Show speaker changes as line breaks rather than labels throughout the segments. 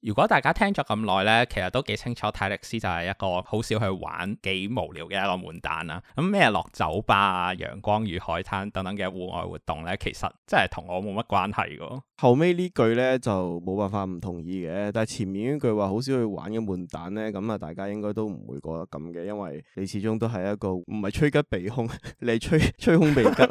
如果大家聽咗咁耐咧，其實都幾清楚，泰力斯就係一個好少去玩幾無聊嘅一個悶蛋啊。咁咩落酒吧啊、陽光與海灘等等嘅戶外活動咧，其實真係同我冇乜關係噶。
後尾呢句咧就冇辦法唔同意嘅，但係前面呢句話好少去玩嘅悶蛋咧，咁啊大家應該都唔會覺得咁嘅，因為你始終都係一個唔係吹吉避凶，你係吹吹凶避吉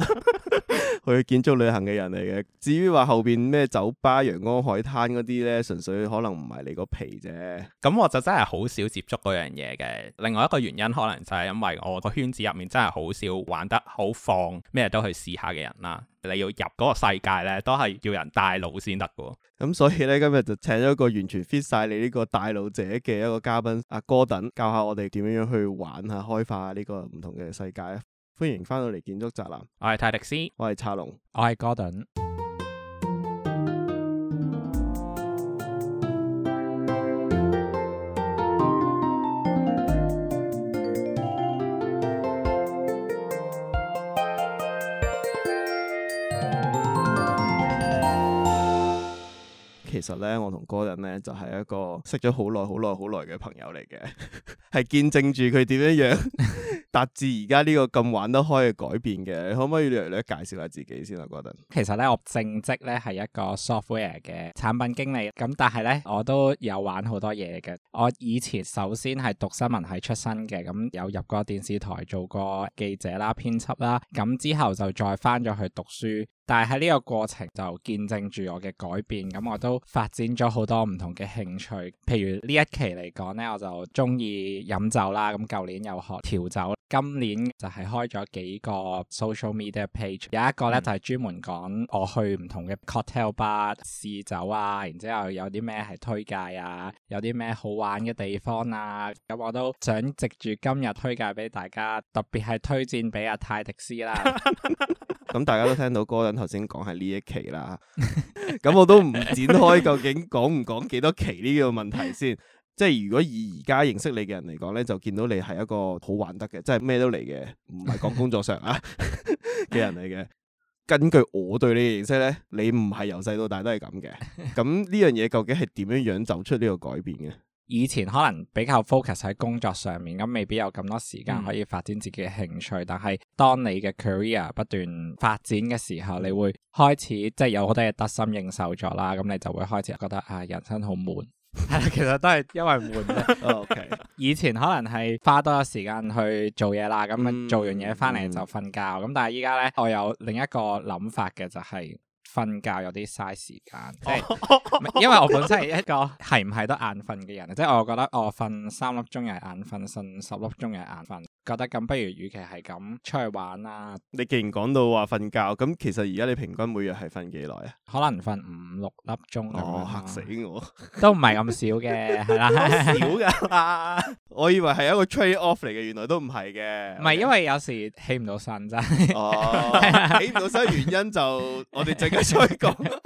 去建築旅行嘅人嚟嘅。至於話後邊咩酒吧、陽光、海灘嗰啲咧，純粹可能。唔係你個皮啫，
咁我就真係好少接觸嗰樣嘢嘅。另外一個原因可能就係因為我個圈子入面真係好少玩得好放咩都去試下嘅人啦。你要入嗰個世界呢，都係要人帶路先得嘅。
咁所以呢，今日就請咗一個完全 fit 晒你呢個帶路者嘅一個嘉賓阿哥頓教下我哋點樣樣去玩下開發呢個唔同嘅世界啊！歡迎翻到嚟建築宅男，我係泰迪斯，我係茶龍，我係哥頓。其實咧，我同 Gordon 咧就係、是、一個識咗好耐、好耐、好耐嘅朋友嚟嘅，係 見證住佢點樣樣 達至而家呢個咁玩得開嘅改變嘅。你可唔可以略略介紹下自己先啊，Gordon？其實咧，我
正職咧係一個 software 嘅產品經理，咁但係咧我都有玩好多嘢嘅。我以前首先係讀新聞系出身嘅，咁有入過電視台做過記者編輯啦、編輯啦，咁之後就再返咗去讀書，但係呢個過程就見證住我嘅改變，咁我都發展咗好多唔同嘅興趣，譬如，呢一期嚟講咧，我就中意飲酒啦，咁舊年又學調酒。今年就係開咗幾個 social media page，有一個咧就係、是、專門講我去唔同嘅 cocktail bar 試酒啊，然之後有啲咩係推介啊，有啲咩好玩嘅地方啊，咁我都想藉住今日推介
俾大家，特別係推薦俾阿泰迪斯啦。咁 大家都聽到 Gordon 頭先講係呢一期啦，咁 我都唔展開究竟講唔講幾多期呢個問題先。即係如果以而家認識你嘅人嚟講咧，就見到你係一個好玩得嘅，即係咩都嚟嘅，唔係講工作上啊嘅 人嚟嘅。根據我對你嘅認識咧，你唔係由細到大都係咁嘅。咁呢樣嘢究竟係點樣樣走出呢個改變嘅？以前可能比較 focus 喺工作上面，咁未必有咁多時
間可以發展自己嘅興趣。嗯、但係當你嘅 career 不斷發展嘅時候，你會開始即係有好多嘢得心應手咗啦。咁你就會開始覺得啊，人生好悶。係 其實都係因為悶。O K，以前可能係花多咗時間去做嘢啦，咁做完嘢翻嚟就瞓覺。咁、嗯嗯、但係依家咧，我有另一個諗法嘅，就係瞓覺有啲嘥時間， 因為我本身係一個係唔係得眼瞓嘅人，即係 我覺得我瞓三粒鐘又係眼瞓，瞓十粒鐘又係眼瞓。覺得咁不如，與其係咁出去玩啦。
你既然講到話瞓覺，咁其實而家你平均每日係瞓幾耐啊？可能瞓五六粒鐘。哦，嚇死我！都唔係咁少嘅，係啦， 少噶。我以為係一個 trade off 嚟嘅，原來都唔係嘅。唔係是 Okay. 因為有時起唔到身咋。哦，起唔到身原因就我哋陣間出去講。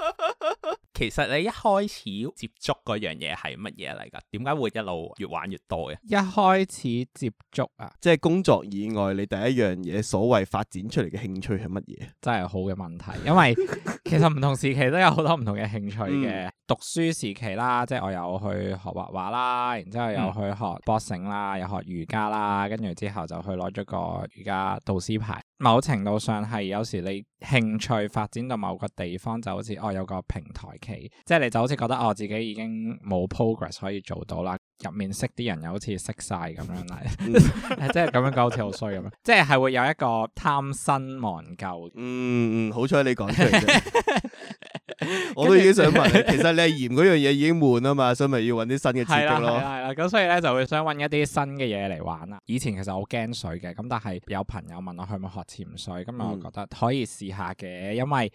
其實你一開始接觸嗰樣嘢係乜嘢嚟㗎？點解會一路越玩越多嘅？一
開始接觸啊，即係工作以外，你第一樣嘢所謂發展出嚟嘅興趣係乜嘢？真係好嘅問題，因
為其實唔同時期都有好多唔同嘅興趣嘅。嗯
讀書時期啦，即係我
有去學畫畫啦，然之後又去學 boxing 啦，又學瑜伽啦，跟住之後就去攞咗個瑜伽導師牌。某程度上係有時你興趣發展到某個地方，就好似我、哦、有個平台期，即係你就好似覺得我、哦、自己已經冇 progress 可以做到啦。入面識啲人又好似識晒咁樣，即係咁樣講，好似好衰咁。即係係會有一個貪新忘舊。嗯嗯，好彩你
講出嚟。 我都已經想問。 其實你係嫌嗰樣嘢已經悶啊嘛，所以咪要揾啲新嘅刺激咯。係啦、啊，咁、
啊啊啊、所以咧就會想揾一啲新嘅嘢嚟玩啦。以前其實我好驚水嘅，咁但係有朋友問我去唔去學潛水，咁啊我覺得可以試下嘅，因為。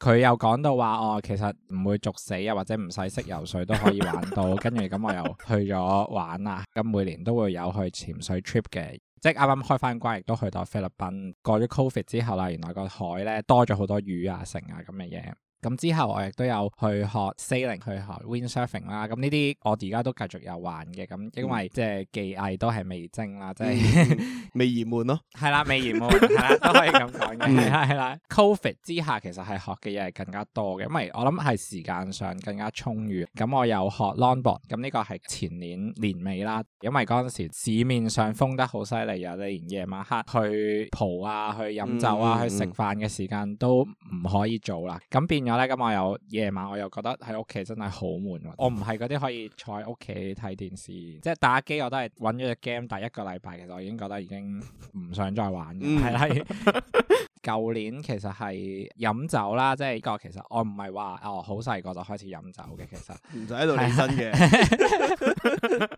佢又講到話哦，其實唔會逐死啊，或者唔使識游水都可以玩到。 跟住咁，我又去咗玩啦、啊。咁每年都會有去潛水 trip 嘅，即係啱啱開翻關，亦都去到菲律賓。過咗 Covid 之後啦，原來個海咧多咗好多魚啊、成啊咁嘅嘢。咁之後，我亦都有去學 sailing，去學 wind surfing 啦。咁呢啲我而家都繼續有玩嘅。咁因為即係技藝都係未精啦，嗯、即係是、嗯、未完滿咯。係 啦，未完滿，係 啦，都可以咁講嘅。係 啦，係啦，COVID 之下，其實係學嘅嘢係更加多嘅，因為我諗係時間上更加充裕。咁我有學 longboard，咁呢個係前年年尾啦，因為嗰陣時市面上封得好犀利啊，你連夜晚黑去蒲啊，去飲酒啊，嗯、去食飯嘅時間都唔可以做啦。咁變。然後咧咁我又夜晚我又覺得喺屋企真係好悶，我唔係嗰啲可以坐喺屋企睇電視，即係打機我都係揾咗隻 game，第一個禮拜其實我已經覺得已經唔想再玩嘅，係啦。嗯 舊年其實係飲酒啦，即係呢個其實我唔係話哦好細個就開始飲酒嘅，其實唔使喺度認真嘅，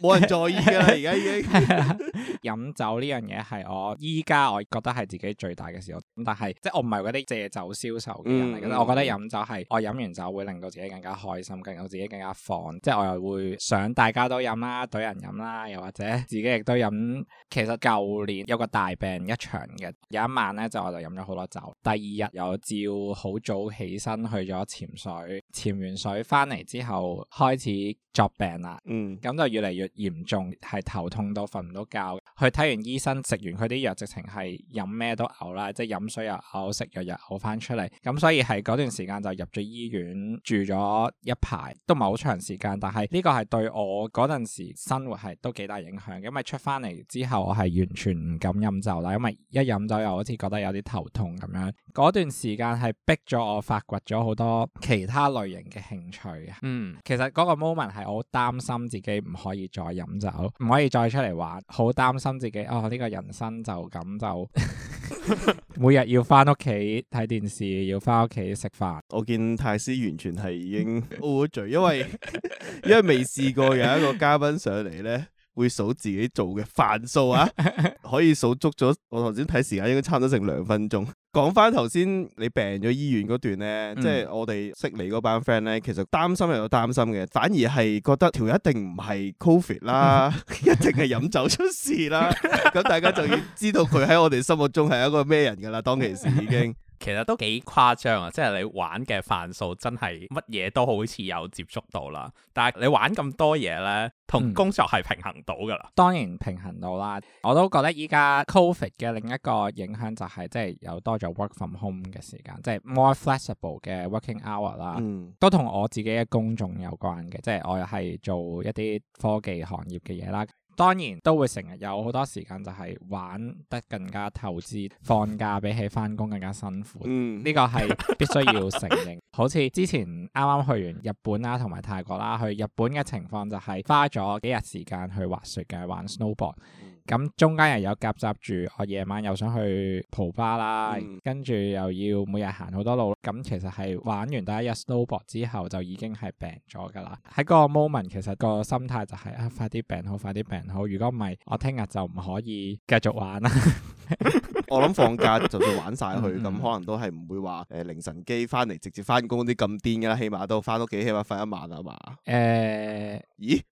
冇 人在意噶啦，而家已經飲 酒呢樣嘢係我依家我覺得係自己最大嘅事，但係即係我唔係嗰啲借酒消愁嘅人嚟嘅，嗯、我覺得飲酒係我飲完酒會令到自己更加開心，令到自己更加放，即係我又會想大家都飲啦，對人飲啦，又或者自己亦都飲。其實舊年有個大病一場嘅，有一晚咧就。我就飲咗好多酒，第二日又照好早起身去咗潛水，潛完水翻嚟之後開始作病啦，嗯，咁就越嚟越嚴重，係頭痛到瞓唔到覺，去睇完醫生，食完佢啲藥，直情係飲咩都嘔啦，即係飲水又嘔，食藥又嘔翻出嚟，咁所以係嗰段時間就入咗醫院住咗一排，都唔係好長時間，但係呢個係對我嗰陣時生活係都幾大影響，因為出翻嚟之後我係完全唔敢飲酒啦，因為一飲酒又好似覺得有。啲頭痛咁樣，嗰段時間係逼咗我發掘咗好多其他類型嘅興趣啊。嗯，其實嗰個 moment 係我好擔心自己唔可以再飲酒，唔可以再出嚟玩好擔心自己哦呢個人生就咁就 每日要翻屋企睇電視，要
翻屋企食飯。 我見泰斯完全係已經 hold 住因為 因為未試過有一個嘉賓上嚟咧。會數自己做嘅飯數啊，可以數足咗。我頭先睇時間應該差唔多成兩分鐘。講翻頭先你病咗醫院嗰段呢，嗯、即係我哋識你嗰班 friend 咧，其實擔心係有擔心嘅，反而係覺得條一定唔係 COVID 啦， 一定係飲酒出事啦。咁 大家就要知道佢喺我哋心目中係一個咩人噶啦，當其時已經。其實都幾誇
張啊！即係你玩嘅範疇，真係乜嘢都好似有接觸到啦。但係你玩咁多嘢咧，同工作係平衡到噶啦、嗯。當然平衡到啦，我都覺得依家 Covid 嘅另一個影響就係、是、即係有多咗 work from home 嘅時間，嗯、即係 more flexible 嘅 working hour 啦。嗯、都同我自己嘅工種有關嘅，即係我又係做一啲科技行業嘅嘢啦。當然都會成日有好多時間就係玩得更加透支，放假比起翻工更加辛苦。呢、嗯、個係必須要承認。 好似之前啱啱去完日本啦、啊，同埋泰國啦、啊，去日本嘅情況就係花咗幾日時間去滑雪嘅，玩 snowboard。咁中間又有夾雜住，我夜晚又想去蒲巴啦，嗯、跟住又要每日行好多路，咁其實係玩完第一日 snowboard 之後就已經係病咗噶啦。喺個 moment，其實個心態就係、是、啊，快啲病好，快啲病好。如果唔係，我聽日就唔可以繼續玩啦。 我諗放假就算玩晒去，咁、
嗯、可能都係唔會話誒、呃、凌晨機翻嚟，直接翻工啲咁癲噶啦，起碼都翻屋企，起碼瞓一晚啊嘛。誒，咦？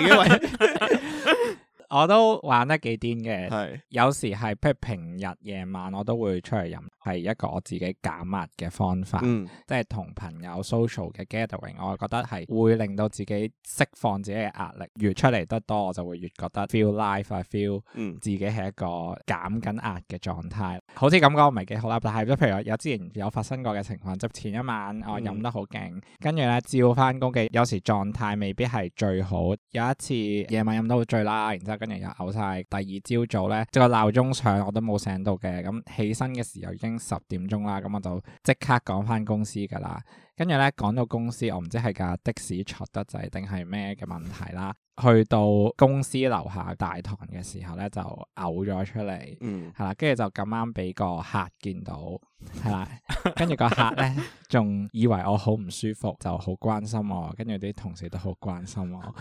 因 我都玩得幾癲
嘅，是有時係譬如平日夜晚，我都會出嚟飲，係一個我自己減壓嘅方法，嗯、即係同朋友 social 嘅 gathering, 我係覺得係會令到自己釋放自己嘅壓力，越出嚟得多，我就會越覺得 feel life, feel life 啊 feel，嗯，自己係一個減緊壓嘅狀態。好似咁講唔係幾好啦，但係譬如有之前有發生過嘅情況，就前一晚我飲得好勁，跟住咧照翻工，嘅有時狀態未必係最好。有一次夜晚飲到醉啦，然之後跟住又嘔晒。第二朝早咧，即個鬧鐘上我都冇醒到嘅，咁起身嘅時候已經十點鐘啦，咁我就即刻趕翻公司㗎啦。跟住咧講到公司，我唔知係架的士坐得滯定係咩嘅問題啦。去到公司樓下大堂嘅時候咧，就嘔咗出嚟，係啦、嗯，跟住就咁啱俾個客見到，係啦，跟住個客咧仲 以為我好唔舒服，就好關心我，跟住啲同事都好關心我。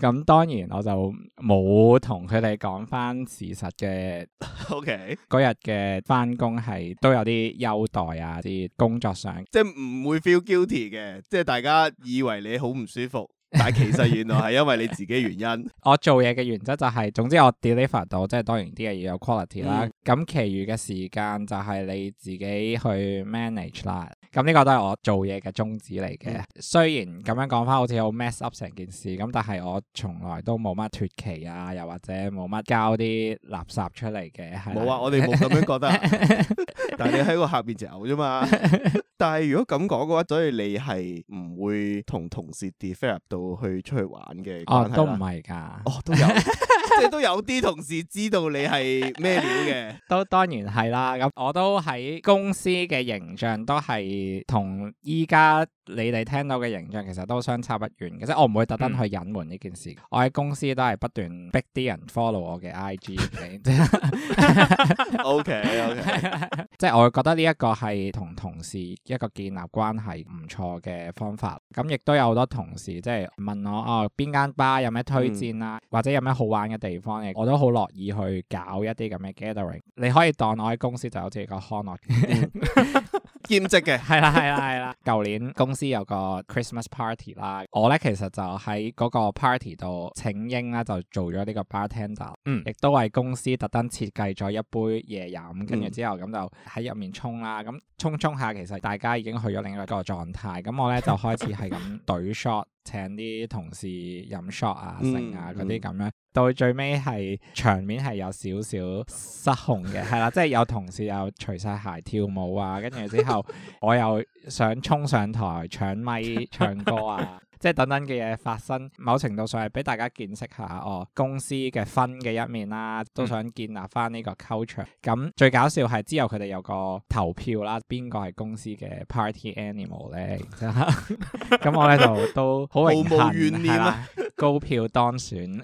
咁 當然我就冇同佢哋講翻事實嘅，Ok，嗰日嘅翻工係都有啲優待啊，啲工作上
即係唔會 feel guilty 嘅，即係大家以為你好唔舒服。但係其實原來係因為你自己原因。 我做嘢嘅原則就係、是，
總之我 deliver 到，即係當然啲嘢要有 quality 啦。咁其餘嘅時間就係你自己去 manage 啦。咁呢個都係我做嘢嘅宗旨嚟嘅。嗯、雖然咁樣講翻，好似好 mess up 成件事。咁但係我從來都冇乜脫期啊，又或者
冇乜交啲垃圾出嚟嘅。冇啊話，是我哋冇咁樣覺得。 但係你喺個下邊就有啫嘛。 但係如果咁講嘅話，所以你係唔會同同事 defer 到。去出去玩嘅哦，都唔係噶哦都有。 即係都有啲同事知道你係咩料嘅，
都當然係啦。咁我都喺公司嘅形象都係同依家你哋聽到嘅形象其實都相差不遠嘅，即係我唔會特登去隱瞞呢件事。嗯、我喺公司都係不斷逼啲人 follow 我嘅 IG。OK OK，即係我會覺得呢一個係同同事一個建立關係唔錯嘅方法。咁亦都有好多同事即係問我哦，邊間吧有咩推薦啊或者有咩好玩嘅？ 地方嘅，我都好樂意去搞一啲咁嘅 gathering，你可以當我喺公司就好似個康樂 兼職嘅、 啊，係啦、啊，係啦、啊，係啦、啊。舊年公司有個 Christmas party 啦，我咧其實就喺嗰個 party 度請纓啦，就做咗呢個 bartender。嗯，亦都為公司特登設計咗一杯嘢飲，跟住之後咁就喺入面衝啦。咁衝衝下，其實大家已經去咗另外一個狀態。咁 我咧就開始係咁隊 shot 請啲同事飲 shot、嗯、啊、食啊嗰啲咁樣，到最尾係場面係有少少失控嘅，係啦、嗯 啊，即係有同事又除晒鞋跳舞啊，跟住之後。 我又想衝上台搶咪唱歌啊！即係等等嘅嘢發生，某程度上係俾大家見識下哦公司嘅分嘅一面啦，都想建立翻呢個 culture 咁、嗯、最搞笑係之後佢哋有個投票啦，邊個係公司嘅 party animal 咧？咁我咧就都好冇怨念、啊，啦，
高票當選，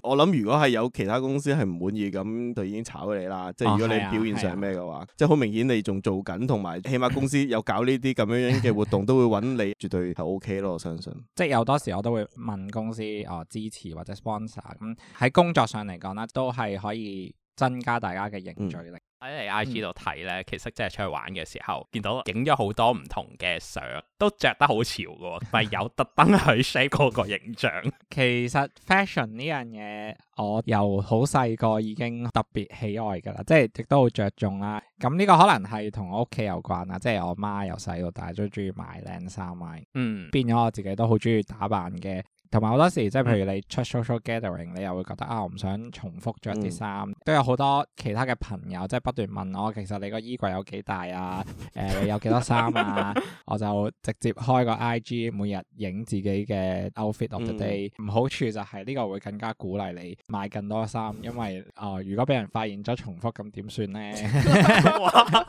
我諗如果係有其他公司係唔滿意咁，就已經炒咗你啦。即係如果你表現上咩嘅話，哦啊啊、即係好明顯你仲做緊同埋起碼公司有搞呢啲咁樣樣嘅活動都 會揾你，絕對係 O、OK。我相信
即係有多時我都會問公司哦，支持或者 sponsor 咁，喺工作上嚟講咧，都係可以增加大家嘅凝聚力。嗯喺你 I G 度睇咧，其實真係出去玩嘅時候，見到影咗好多唔同嘅相，都着得好潮噶，係有特登去 Snap 嗰個影相。 其實 fashion 呢樣嘢，我由好細個已經特別喜愛噶啦，即係亦都好着重啦。咁呢個可能係同我屋企有關啦，即係我媽由細到大都中意買靚衫買，嗯，變咗我自己都好中意打扮嘅。同埋好多時，即係譬如你出 social gathering，你又會覺得啊，我唔想重複着啲衫。嗯、都有好多其他嘅朋友，即係不斷問我，其實你個衣櫃有幾大啊？誒、呃，你有幾多衫啊？ 我就直接開個 IG，每日影自己嘅 outfit of the day、嗯。唔好處就係呢個會更加鼓勵你買更多衫，因為啊、呃，如果俾人發現咗重複，咁點算咧？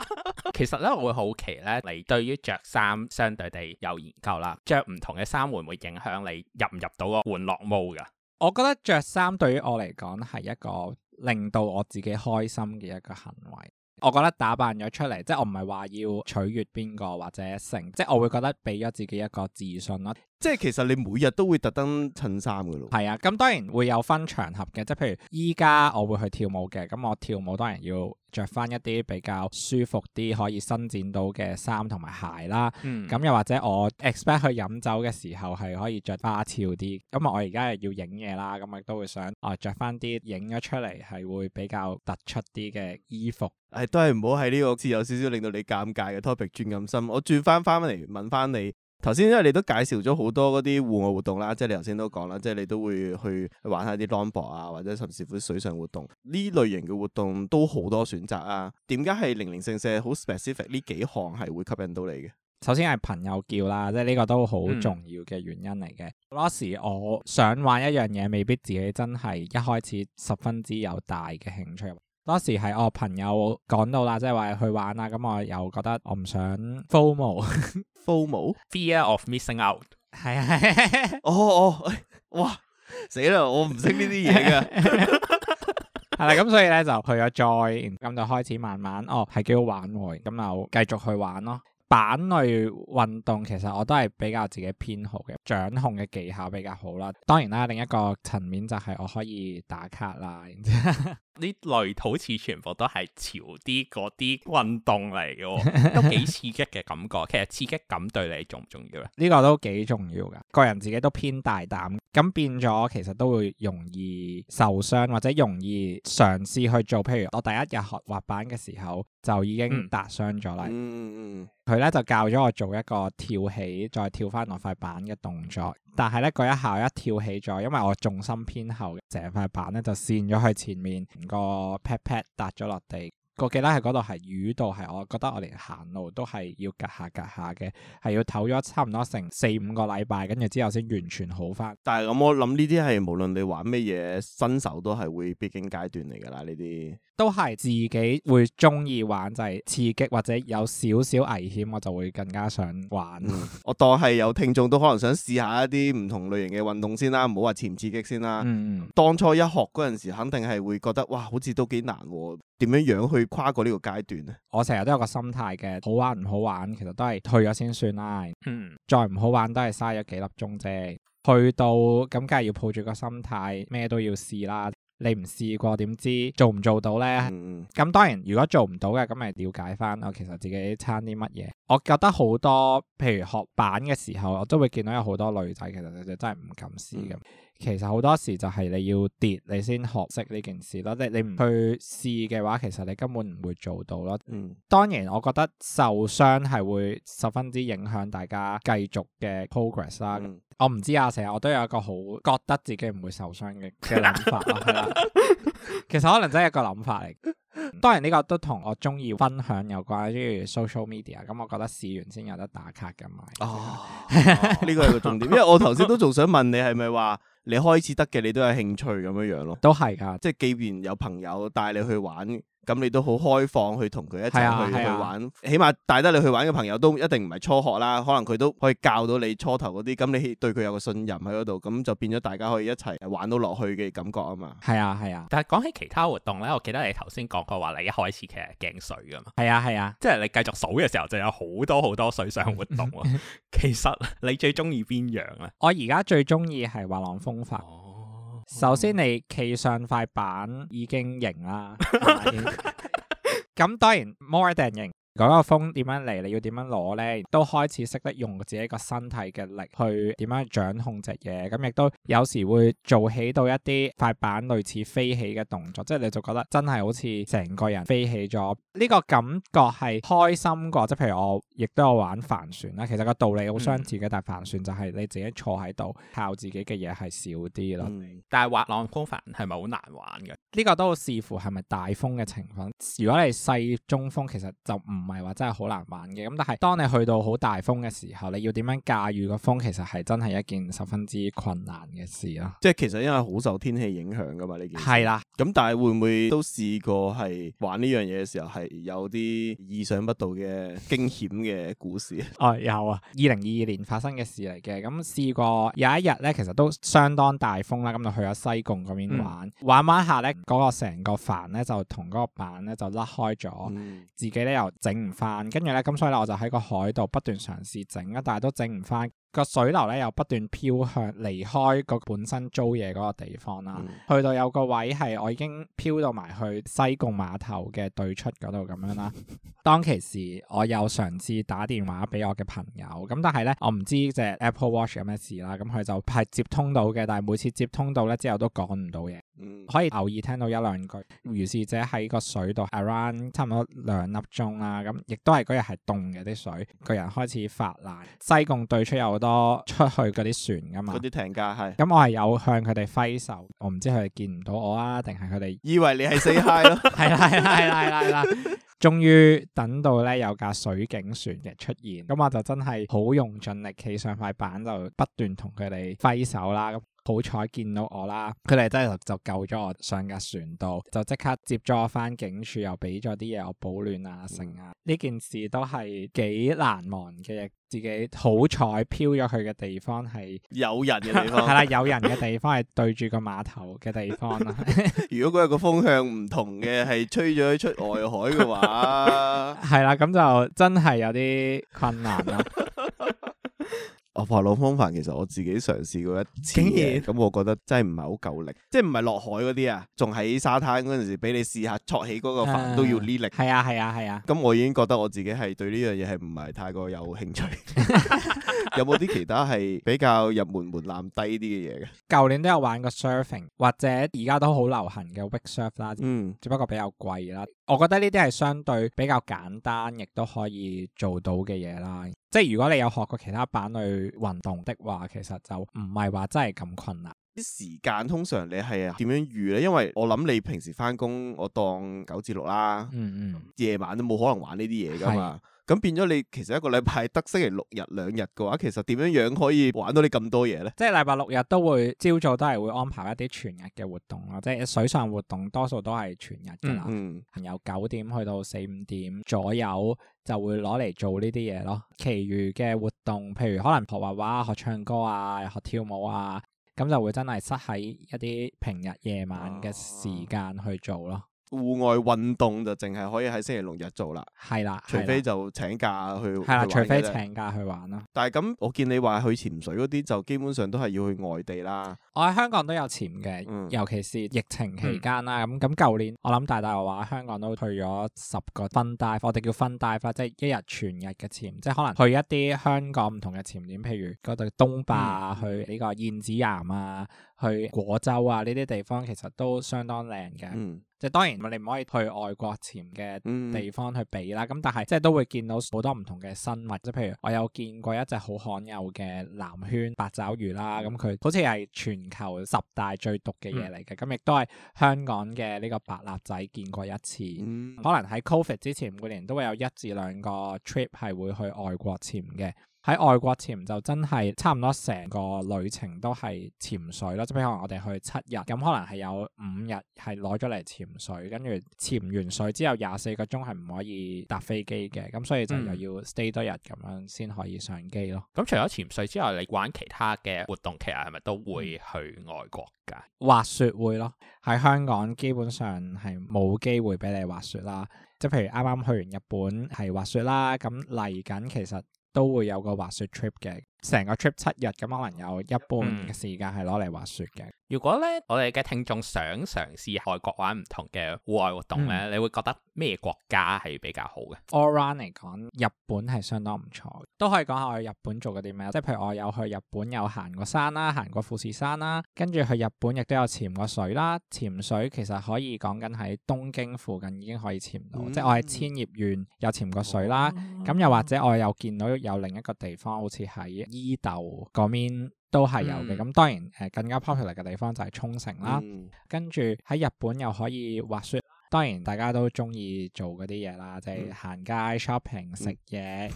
其實咧，我會好奇咧，你對於着衫相對地有研究啦，着唔同嘅衫會唔會影響你入唔入？到個玩樂舞噶，我覺得着衫對於我嚟講係一個令到我自己開心嘅一個行為。我覺得打扮咗出嚟，即係我唔係話要取悅邊個或者成，即係我會覺得俾咗自己一個自信咯。即係其實你每日都會特登襯衫噶咯？係啊，咁當然會有分場合嘅，即係譬如依家我會去跳舞嘅，咁我跳舞當然要着翻一啲比較舒服啲，可以伸展到嘅衫同埋鞋啦。咁、嗯、又或者我 expect 去飲酒嘅時候係可以着花俏啲，咁我而家係要影嘢啦，咁亦都會想啊
着翻啲影咗出嚟係會比較突出啲嘅衣服。誒、哎，都係唔好喺呢個好似有少少令到你尷尬嘅 topic 轉咁深，我轉翻翻嚟問翻你。頭先因為你都介紹咗好多嗰啲戶外活動啦，即係你頭先都講啦，即係你都會去玩下啲 longboard 啊，或者甚至乎水上活動呢類型嘅活動都好多選擇啊。點解係零零星星好 specific 呢幾項係會吸引到你嘅？首先係朋友叫啦，即係呢個都好重要嘅原因嚟嘅。有、嗯、時我
想玩一樣嘢，未必自己真係一開始十分之有大嘅興趣。當時係我朋友講到啦，即係話去玩啦，咁我又覺得我唔想 FOMO，FOMO，Fear of missing out，係啊，哦哦，哇，死啦，我唔識呢啲嘢噶，係啦，咁所以咧就去咗 Joy，咁就開始慢慢哦，係幾好玩喎，咁就繼續去玩咯。板類運動其實我都係比較自己偏好嘅，掌控嘅技巧比較好啦。當然啦，另一個層面就係我可以打卡啦。呢 類好似全部都係潮啲嗰啲運動嚟嘅，都幾刺激嘅感覺。 其實刺激感對你重唔重要咧？呢個都幾重要㗎。個人自己都偏大膽，咁變咗其實都會容易受傷，或者容易嘗試去做。譬如我第一日學滑板嘅時候就已經搭傷咗啦。嗯嗯嗯。佢咧就教咗我做一個跳起再跳翻落塊板嘅動作，但係咧嗰一下一跳起咗，因為我重心偏後，成塊板咧就跣咗去前面，個 pat pat 搭咗落地，個腳咧喺嗰度係淤到，係我覺得我連行路都係要夾下夾下嘅，係要唞咗差唔多成四五個禮拜，跟住之後先完全好翻。
但係咁，我諗呢啲係無論你玩乜嘢，新手都係會必經階段嚟噶啦呢啲。
都係自己會中
意玩，就
係、是、刺激或者有少少危險，我就會更加想玩。嗯、
我當係有聽眾都可能想試下一啲唔同類型嘅運動先啦，唔好話刺唔刺激先啦。嗯、當初一學嗰陣時，肯定係會覺得哇，好似都幾難、喔，點樣樣去跨過呢個階段咧？
我成日都有個心態嘅，好玩唔好玩，其實都係退咗先算啦。嗯，再唔好玩都係嘥咗幾粒鐘啫。去到咁，梗係要抱住個心態，咩都要試啦。你唔試過點知做唔做到呢？咁、嗯、當然，如果做唔到嘅，咁咪了解翻我其實自己差啲乜嘢。我覺得好多，譬如學板嘅時候，我都會見到有好多女仔，其實佢哋真係唔敢試嘅。嗯其實好多時就係你要跌你先學識呢件事咯，即係你唔去試嘅話，其實你根本唔會做到咯。嗯、當然，我覺得受傷係會十分之影響大家繼續嘅 progress 啦。嗯、我唔知阿，成日，我都有一個好覺得自己唔會受傷嘅嘅諗法 其實可能真係一個諗法嚟。當然呢個都同我中意分享
有關於 social media，咁我覺得試完先有得打卡噶嘛。哦，呢個係個重點，因為我頭先都仲想問你係咪話你開始得嘅你都有興趣咁樣樣咯？都係噶，即係既然有朋友帶你去玩。咁你都好開放去同佢一齊是、啊、去玩，是啊、起碼帶得你去玩嘅朋友都一定唔係初學啦，可能佢都可以教到你初頭嗰啲，咁你對佢有個信任喺嗰度，咁就變咗大家可以一齊玩到落去嘅感覺嘛是啊嘛。
係啊係啊，但係講起其他活動咧，我記得你頭先講過話你一開始其實驚水㗎嘛。係啊係啊，即係你繼續數嘅時候就有好多好多水上活動啊。 其實你最中意邊樣咧、啊？我而家最中意係滑浪風帆。哦首先你企上塊板已經型啦，咁 是 當然 more than 型嗰、嗰個風點樣嚟？你要點樣攞咧？都開始識得用自己個身體嘅力去點樣掌控隻嘢。咁亦都有時會做起到一啲塊板類似飛起嘅動作，即係你就覺得真係好似成個人飛起咗。呢、呢個感覺係開心過，即譬如我。亦都有玩帆船啦，其實個道理好相似嘅，嗯、但係帆船就係你自己坐喺度，靠自己嘅嘢係少啲咯、嗯。但係滑浪風帆係咪好難玩嘅？呢、呢個都視乎係咪大風嘅情況。如果你細中風，其實就唔係話真係好難玩嘅。咁但係當你去到好大風嘅時候，你要點樣駕馭個風，其實係真係一件十分之困難嘅事咯。
即係其實因為好受天氣影響噶嘛呢件。係啦，咁但係會唔會都試過係玩呢樣嘢嘅時候係有啲意想不到嘅驚險？嘅故事
哦。有啊，二零二二年發生嘅事嚟嘅，咁試過有一日咧，其實都相當大風啦，咁就去咗西貢嗰邊玩、嗯、玩玩下咧，嗰、嗰個成個帆咧就同嗰個板咧就甩開咗，嗯、自己咧又整唔返，跟住咧咁所以咧我就喺個海度不斷嘗試整啊，但係都整唔返。個水流咧又不斷飄向離開個本身租嘢嗰個地方啦，嗯、去到有個位係我已經飄到埋去西貢碼頭嘅對出嗰度咁樣啦。 當其時我又嘗試打電話俾我嘅朋友，咁但係咧我唔知隻 Apple Watch 有咩事啦，咁佢就係接通到嘅，但係每次接通到咧之後都講唔到嘢，嗯、可以偶爾聽到一兩句。如是者喺個水度 around 差唔多兩粒鐘啦，咁亦都係嗰日係凍嘅啲水，個人開始發冷。西貢對出有。好多出去嗰啲船噶嘛，嗰啲艇架係，咁我係有向佢哋揮手，我唔知佢哋見唔到我啊，定係佢哋以為你係死 a y hi 咯，係啦係啦係啦係啦，終於等到咧有架水警船嘅出現，咁我就真係好用盡力企上塊板，就不斷同佢哋揮手啦咁。好彩見到我啦！佢哋真係就救咗我上架船度，就即刻接咗我翻警署，又俾咗啲嘢我保暖啊、成啊。呢、嗯、件事都係幾難忘嘅。自己好彩漂咗去嘅地方係有人嘅地方，係 啦，有人嘅地方係對住個碼頭嘅地方啦。
如果嗰日個風向唔同嘅，係吹咗出外海嘅話，
係 啦，咁就真係有啲困難啦。
我滑浪風帆其實我自己嘗試過一次嘅，咁然、嗯、我覺得真係唔係好夠力，即係唔係落海嗰啲啊，仲喺沙灘嗰陣時俾你試下挫起嗰個帆都要呢力，係啊係啊係啊。咁、啊啊嗯、我已經覺得我自己係對呢樣嘢係唔係太過有興趣。 有冇啲其他係比較入門門檻低啲嘅嘢嘅？
舊年都有玩過 surfing，或者而家都好流行嘅 wake surf 啦，嗯，只不過比較貴啦。我覺得呢啲係相對比較簡單，亦都可以做到嘅嘢啦。即係如果你有學過其他板類。運動的話，其實就唔係話真係咁困難。啲時
間通常你係點樣預咧？因為我諗你平時翻工，我當九至六啦。嗯嗯，夜晚都冇可能玩呢啲嘢㗎嘛。咁變咗你其實一個禮拜得星期六日兩日嘅話，其實點樣樣可以玩到你咁多嘢咧？即係禮拜六日都會朝早都係會安排一啲全日嘅活動咯，即
係水上活動多數都係全日㗎啦，嗯嗯，由九點去到四五點左右就會攞嚟做呢啲嘢咯。其餘嘅活動，譬如可能學畫畫、學唱歌啊、學跳舞啊，咁就會真係塞喺一啲平日夜晚嘅時間去做咯。啊
戶外運動就淨係可以喺星期六日做啦，係啦的，除非就請假去，係啊的，除非請假去玩咯。但係咁，我見你話去潛水嗰啲就基本上都係要去外地啦。
我喺香港都有潛嘅，尤其是疫情期間啦。咁咁舊年我諗大大話香港都去咗十個 fun dive，我哋叫 fun dive 啦，即係一日全日嘅潛，即係可能去一啲香港唔同嘅潛點，譬如嗰度東壩啊，嗯、去呢個燕子岩啊，去果洲啊呢啲地方，其實都相當靚嘅。嗯、即係當然我哋唔可以去外國潛嘅地方去比啦。咁、嗯、但係即係都會見到好多唔同嘅生物，即譬如我有見過一隻好罕有嘅藍圈八爪魚啦。咁佢好似係全球十大最毒嘅嘢嚟嘅，咁亦都係香港嘅呢個白蠟仔見過一次。嗯、可能喺 Covid 之前，每年都會有一至兩個 trip 係會去外國潛嘅。喺外國潛就真係差唔多成個旅程都係潛水咯，即係譬如我哋去七日，咁可能係有五日係攞咗嚟潛水，跟住潛完水之後廿四個鐘係唔可以搭飛機嘅，咁所以就又要 stay 多日咁樣先可以上機咯。咁、嗯、除咗潛水之外，你玩其他嘅活動，其實係咪都會去外國噶？滑雪會咯，喺香港基本上係冇機會俾你滑雪啦。即係譬如啱啱去完日本係滑雪啦，咁嚟緊其實。都會有個滑雪 trip 嘅，成個 trip 七日咁，可能有一半嘅時間，係攞嚟滑雪嘅。如果咧，我哋嘅聽眾想嘗試外國玩唔同嘅戶外活動咧，嗯、你會覺得咩國家係比較好嘅？overall 嚟講，日本係相當唔錯，都可以講下我去日本做過啲咩。即係譬如我有去日本有行過山啦，行過富士山啦，跟住去日本亦都有潛過水啦。潛水其實可以講緊喺東京附近已經可以潛到，嗯、即係我喺千葉縣、嗯、有潛過水啦。咁、嗯、又或者我有見到有另一個地方，好似喺伊豆嗰邊。都係有嘅，咁當然誒、呃、更加 popular 嘅地方就係沖繩啦，嗯、跟住喺日本又可以滑雪，當然大家都中意做嗰啲嘢啦，就係行街、shopping、食嘢、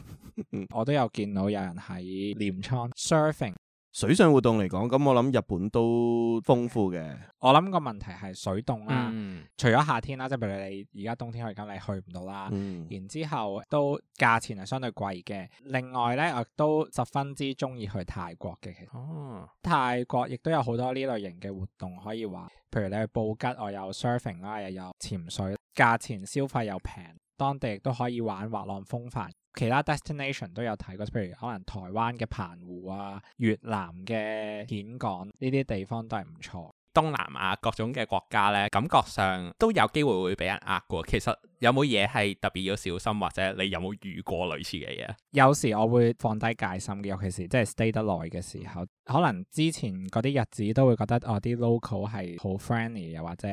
嗯， 我都有見到有人喺鎌倉 surfing。
水上活動嚟講，咁我諗日本都豐富嘅。我諗個問題係水凍啦，嗯、除咗夏
天啦，即係譬如你而家冬天去咁，你去唔到啦。嗯、然之後都價錢係相對貴嘅。另外咧，我都十分之中意去泰國嘅。其實，啊、泰國亦都有好多呢類型嘅活動可以玩，譬如你去布吉，我有 surfing 啦，又有潛水，價錢消費又平，當地亦都可以玩滑浪風帆。其他 destination 都有睇過，譬如可能台灣嘅澎湖啊，越南嘅峴港呢啲地方都係唔錯。東南亞各種嘅國家呢，感覺上都有機會會俾人呃過。其實有冇嘢係特別要小心，或者
你有冇遇過類似嘅嘢？
有時我會放低戒心嘅，尤其是即係 stay 得耐嘅時候，嗯、可能之前嗰啲日子都會覺得哦啲 local 係好 friendly，又或者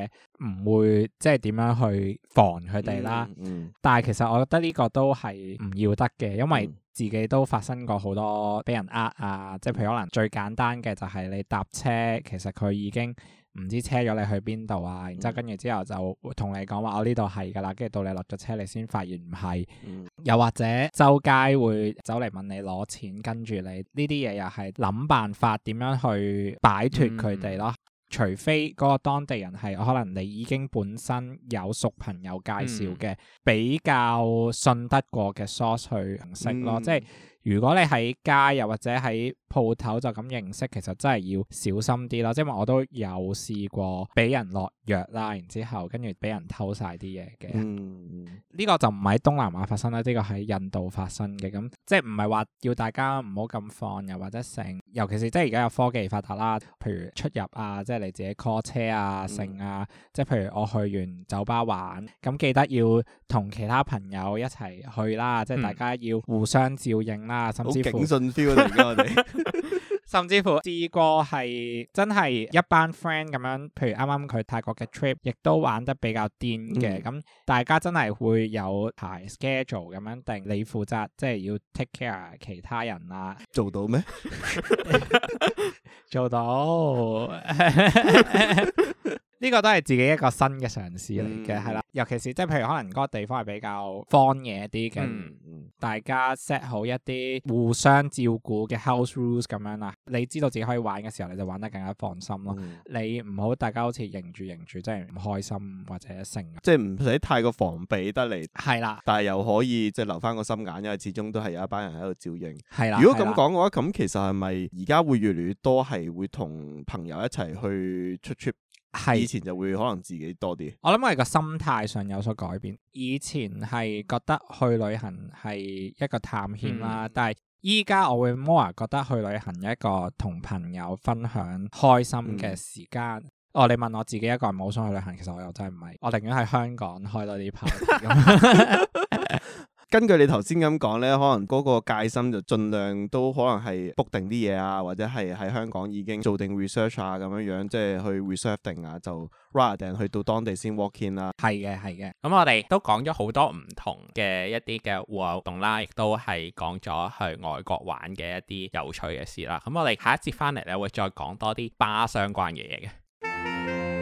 唔會即係點樣去防佢哋啦。嗯嗯、但係其實我覺得呢個都係唔要得嘅，因為、嗯。自己都發生過好多俾人呃啊，即係譬如可能最簡單嘅就係你搭車，其實佢已經唔知車咗你去邊度啊，嗯、然之後跟住之後就同你講話，我呢度係㗎喇，跟住到你落咗車，你先發現唔係。嗯、又或者周街會走嚟問你攞錢，跟住你呢啲嘢又係諗辦法點樣去擺脱佢哋咯。除非嗰個當地人係可能你已經本身有熟朋友介紹嘅、嗯、比較信得過嘅 source 去識咯，嗯、即係。如果你喺街又或者喺鋪頭就咁認識，其實真係要小心啲啦。即係我都有試過俾人落藥啦，然之後跟住俾人偷晒啲嘢嘅。呢、嗯、個就唔喺東南亞發生啦，呢、個喺印度發生嘅。咁即係唔係話要大家唔好咁放又或者成，尤其是即係而家有科技發達啦，譬如出入啊，即係你自己 call 車啊，剩、嗯、啊，即係譬如我去完酒吧玩，咁記得要同其他朋友一齊去啦，即係大家要互相照應。嗯嗯啊，甚至乎警訊 feel， 甚至乎試過係真係一班 friend 咁樣，譬如啱啱佢泰國嘅 trip，亦都玩得比較癲嘅，咁、嗯、大家真係會有排 schedule 咁樣定，定你負責即係、就是、要 take care 其他人啊？做到咩？ 做到。 呢個都係自己一個新嘅嘗試嚟嘅，係啦、嗯，尤其是即係譬如可能嗰個地方係比較荒野啲嘅，嗯、大家 set 好一啲互相照顧嘅 house rules 咁樣啦，你知道自己可以玩嘅時候，你就玩得更加放心咯。嗯、你唔好大家好似迎住迎住，真係唔開心或者剩，即
係唔使太過防備得嚟，係啦的。但係又可以即係留翻個心眼，因為始終都係有一班人喺度照應，係啦的。如果咁講嘅話，咁其實係咪而家會越嚟越多係會同朋友一齊去出 trip？係是以前就會可能自己多啲，
我諗我個心態上有所改變。以前係覺得去旅行係一個探險啦，嗯、但係依家我會 more 覺得去旅行一個同朋友分享開心嘅時間。嗯、哦，你問我自己一個人冇想去
旅行，其實我又真係唔係，我寧願喺香港開多啲派。根據你頭先咁講呢，可能嗰個戒心就盡量都可能係 book 定啲嘢啊，或者係喺香港已經做定 research 啊，咁樣樣即係去 reserve 定啊，就 rather than 去到當地先 walk in 啦、啊。係嘅，係嘅。咁我哋都講咗好多唔同
嘅一啲嘅活動啦，亦都係講咗去外國玩嘅一啲有趣嘅事啦。咁我哋下一節翻嚟咧會再講多啲巴相關嘅嘢嘅。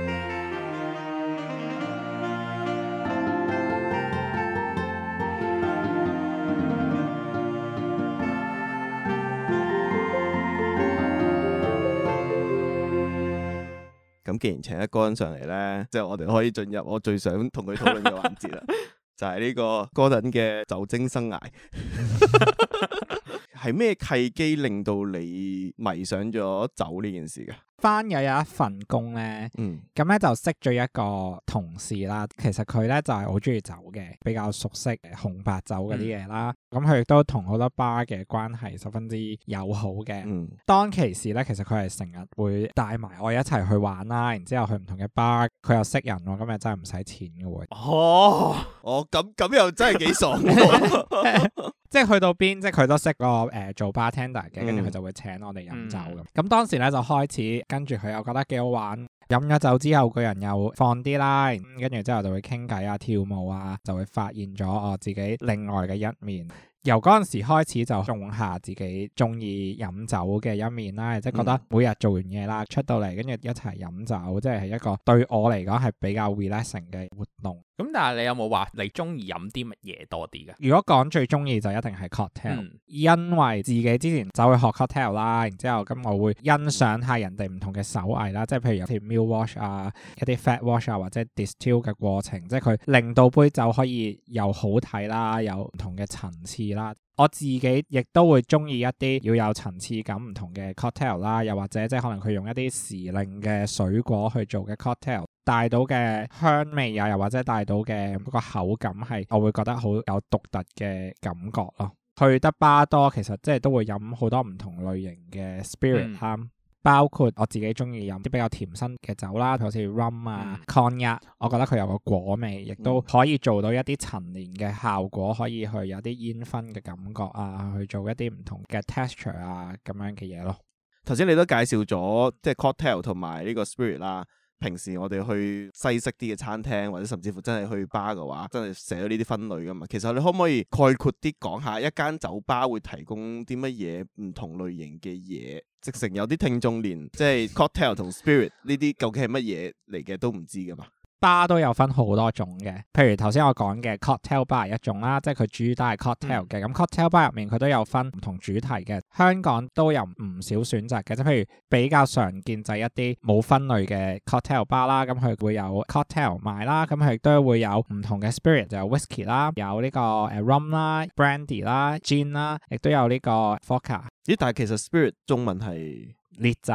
咁既然請咗 Gordon 上嚟咧，即係我哋可以進入我最想同佢討論嘅環節啦， 就係呢個 Gordon 嘅酒精生涯，係 咩 契機令到你迷上咗酒呢件事嘅？
翻又有一份工咧，咁咧、嗯嗯、就識咗一個同事啦。其實佢咧就係好中意酒嘅，比較熟悉紅白酒嗰啲嘢啦。咁佢亦都同好多 bar 嘅關係十分之友好嘅。嗯、當其時咧，其實佢係成日會帶埋我一齊去玩啦。然之後去唔同嘅 bar，佢又識人，咁、哦哦、又真係唔使錢嘅會。哦，
哦咁咁又真係幾爽，即
係去到邊，即係佢都識個誒做 bar tender 嘅，跟住佢就會請我哋飲酒咁。咁、嗯嗯、當時咧就開始。跟住佢又覺得幾好玩。飲咗酒之後，個人又放啲啦，跟住之後就會傾偈啊、跳舞啊，就會發現咗我自己另外嘅一面。由嗰陣時開始就種下自己中意飲酒嘅一面啦，即係覺得每日做完嘢啦，出到嚟跟住一齊飲酒，即係一個對我嚟講係比較 relaxing 嘅活動。咁、嗯、但係你有冇話你中意飲啲乜嘢多啲㗎？如果講最中意就一定係 cocktail，嗯、因為自己之前走去學 cocktail 啦，然之後咁我會欣賞下人哋唔同嘅手藝啦，即係譬如有要 wash 啊，一啲 fat wash 啊，或者 distill 嘅過程，即係佢令到杯酒可以又好睇啦，有唔同嘅層次啦。我自己亦都會中意一啲要有層次感、唔同嘅 cocktail 啦，又或者即係可能佢用一啲時令嘅水果去做嘅 cocktail，帶到嘅香味啊，又或者帶到嘅嗰個口感係我會覺得好有獨特嘅感覺咯。去得巴多其實即係都會飲好多唔同類型嘅 spirit，嗯。包括我自己中意飲啲比較甜身嘅酒啦，好似 rum 啊、嗯、Cognac，我覺得佢有個果味，亦都可以做到一啲陳年嘅效果，可以去有啲煙熏嘅感覺啊，去做一啲唔同嘅 texture 啊咁樣嘅嘢咯。
頭先你都介紹咗即係 cocktail 同埋呢個 spirit 啦。平時我哋去西式啲嘅餐廳，或者甚至乎真係去 bar 嘅話，真係寫咗呢啲分類㗎嘛。其實你可唔可以概括啲講下一間酒吧會提供啲乜嘢唔同類型嘅嘢？直情有啲聽眾連即係 cocktail 同 spirit 呢啲究竟係乜嘢嚟嘅都唔知㗎嘛？
Bar 都有分好多種嘅，譬如頭先我講嘅 cocktail Bar 一種啦，即係佢主打係 cocktail 嘅。咁、嗯、cocktail Bar 入面佢都有分唔同主題嘅，香港都有唔少選擇嘅，即係譬如比較常見就係一啲冇分類嘅 cocktail Bar 啦，咁佢會有 cocktail 賣啦，咁佢亦都會有唔同嘅 spirit，就有 whisky 啦，有呢個誒 rum 啦、brandy 啦、gin 啦，亦都有呢個 vodka 咦？但係其實 spirit 中文係烈酒。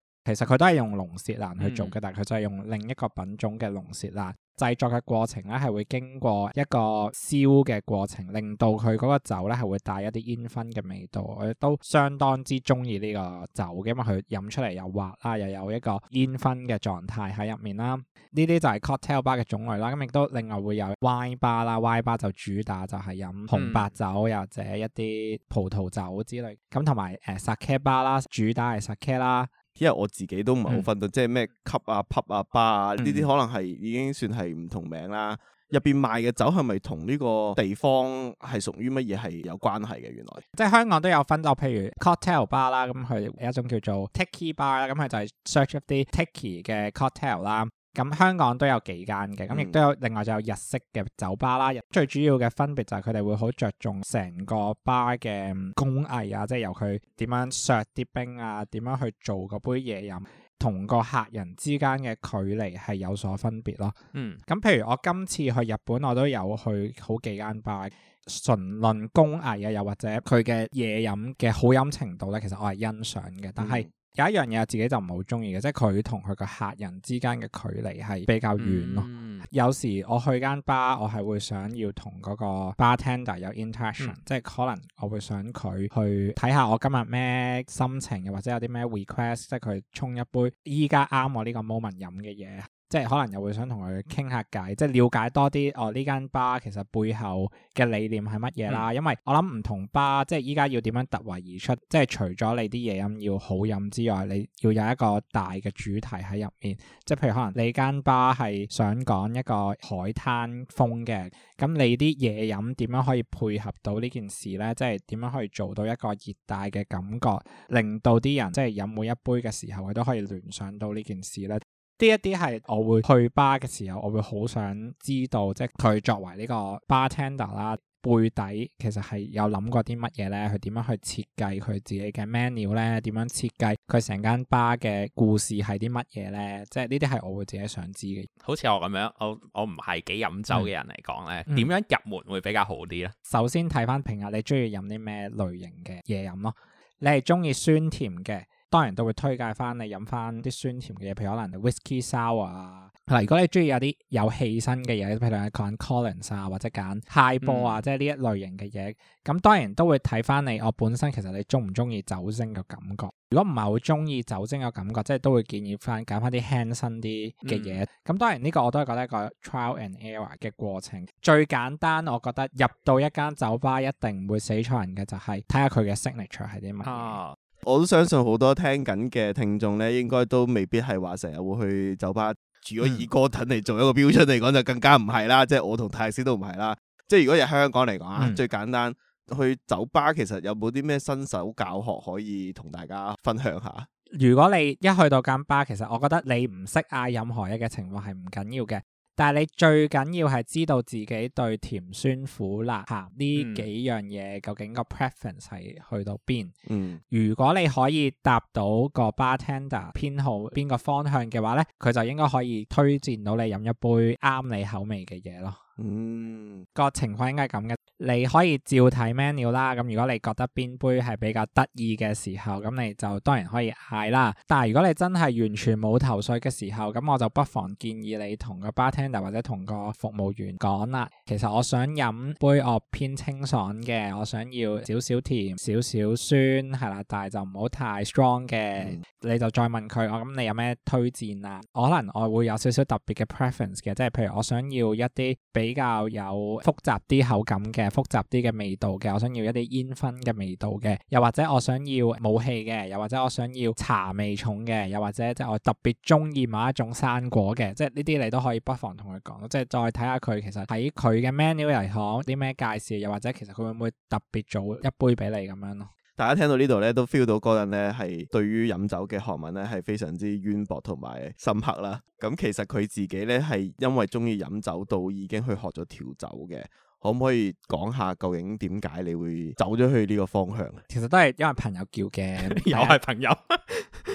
其實佢都係用龍舌蘭去做嘅，但係佢就係用另一個品種嘅龍舌蘭製作嘅過程咧，係會經過一個燒嘅過程，令到佢嗰個酒咧係會帶一啲煙熏嘅味道。我亦都相當之中意呢個酒嘅，因為佢飲出嚟又滑啦，又有一個煙熏嘅狀態喺入面啦。呢啲就係 cocktail bar 嘅種類啦，咁亦都另外會有 wine bar 啦 wine bar 就主打就係飲紅白酒又、嗯、或者一啲葡萄酒之類，咁同埋誒、呃、
sake bar 啦，主打係 sake 啦。因為我自己都唔係好分到，嗯、即係咩吸啊、pub 啊、巴啊，呢啲可能係已經算係唔同名啦。入邊賣嘅酒係咪同呢個地方係屬於乜嘢係有關係嘅？原來
即係香港都有分到，譬如 cocktail bar 啦，咁佢、嗯、有一種叫做 tiki bar 啦、嗯，咁佢就係 search 啲 tiki 嘅 cocktail 啦。咁香港都有幾間嘅，咁亦都有另外就有日式嘅酒吧啦。嗯、最主要嘅分別就係佢哋會好着重成個吧嘅工藝啊，即係由佢點樣削啲冰啊，點樣去做個杯嘢飲，同個客人之間嘅距離係有所分別咯。嗯，咁譬如我今次去日本，我都有去好幾間吧，純論工藝啊，又或者佢嘅嘢飲嘅好飲程度咧，其實我係欣賞嘅，嗯、但係，有一樣嘢我自己就唔係好中意嘅，即係佢同佢個客人之間嘅距離係比較遠咯，啊。嗯、有時我去間 bar，我係會想要同嗰個 bar tender 有 interaction，嗯、即係可能我會想佢去睇下我今日咩心情，或者有啲咩 request，即係佢沖一杯依家啱我呢個 moment 飲嘅嘢。即係可能又會想同佢傾下偈，即係了解多啲哦。呢間吧其實背後嘅理念係乜嘢啦？嗯、因為我諗唔同吧，即係依家要點樣突圍而出？即係除咗你啲嘢飲要好飲之外，你要有一個大嘅主題喺入面。即係譬如可能你間吧係想講一個海灘風嘅，咁你啲嘢飲點樣可以配合到呢件事呢？即係點樣可以做到一個熱帶嘅感覺，令到啲人即係飲每一杯嘅時候，佢都可以聯想到呢件事呢。呢一啲係我會去吧嘅時候，我會好想知道，即係佢作為呢個 bartender 啦，背底其實係有諗過啲乜嘢咧？佢點樣去設計佢自己嘅 menu 咧？點樣設計佢成間吧嘅故事係啲乜嘢咧？即係呢啲係我會自己想知嘅。好似我咁樣，我我唔係幾飲酒嘅人嚟講咧，嗯，點樣入門會比較好啲咧？首先睇翻平日你中意飲啲咩類型嘅嘢飲咯，你係中意酸甜嘅。當然都會推介翻你飲翻啲酸甜嘅嘢，譬如可能 whisky sour 啊。嗱，如果你中意有啲有氣身嘅嘢，譬如你揀 Collins 啊，或者揀高波啊，嗯、即係呢一類型嘅嘢。咁當然都會睇翻你，我本身其實你中唔中意酒精嘅感覺。如果唔係好中意酒精嘅感覺，即係都會建議翻揀翻啲輕身啲嘅嘢。咁、嗯、當然呢個我都係覺得一個 trial and error 嘅過程。最簡單，我覺得入到一間酒吧一定唔會死錯人嘅就係、是、睇下佢嘅 signature 係啲乜
我都相信好多聽緊嘅聽眾咧，應該都未必係話成日會去酒吧。如果以 Gordon 嚟做一個標準嚟講，就更加唔係啦、嗯、啦。即係我同泰斯都唔係啦。即係如果喺香港嚟講啊，嗯、最簡單去酒吧其實有冇啲咩新手教學可以同大家分享下？如果你一去
到間吧，其實我覺得你唔識嗌任何嘢嘅情況係唔緊要嘅。但係你最緊要係知道自己對甜酸苦辣鹹呢、啊、幾樣嘢、嗯、究竟個 preference 係去到邊。嗯，如果你可以答到個 bartender 偏好邊個方向嘅話咧，佢就應該可以推薦到你飲一杯啱你口味嘅嘢咯。嗯，個情況應該係咁嘅。你可以照睇 menu 啦。咁如果你覺得邊杯係比較得意嘅時候，咁你就當然可以嗌啦。但係如果你真係完全冇頭緒嘅時候，咁我就不妨建議你同個 bartender 或者同個服務員講啦。其實我想飲杯我偏清爽嘅，我想要少少甜、少少酸，係啦，但係就唔好太 strong 嘅。嗯、你就再問佢，我咁你有咩推薦啊？可能我會有少少特別嘅 preference 嘅，即係譬如我想要一啲比較有複雜啲口感嘅，複雜啲嘅味道嘅，我想要一啲煙熏嘅味道嘅，又或者我想要武器嘅，又或者我想要茶味重嘅，又或者即係我特別中意某一種生果嘅，即係呢啲你都可以不妨同佢講，即係再睇下佢其實喺佢嘅 menu 嚟講啲咩介紹，又或者其實佢會唔會特別做一杯俾你咁樣咯？
大家聽到呢度咧，都 feel 到 Gordon 咧係對於飲酒嘅學問咧係非常之淵博同埋深刻啦。咁其實佢自己咧係因為中意飲酒到已經去學咗調酒嘅，可唔可以講下究竟點解你會走咗去呢個方向？
其實都係因為朋友叫嘅， 又係朋友。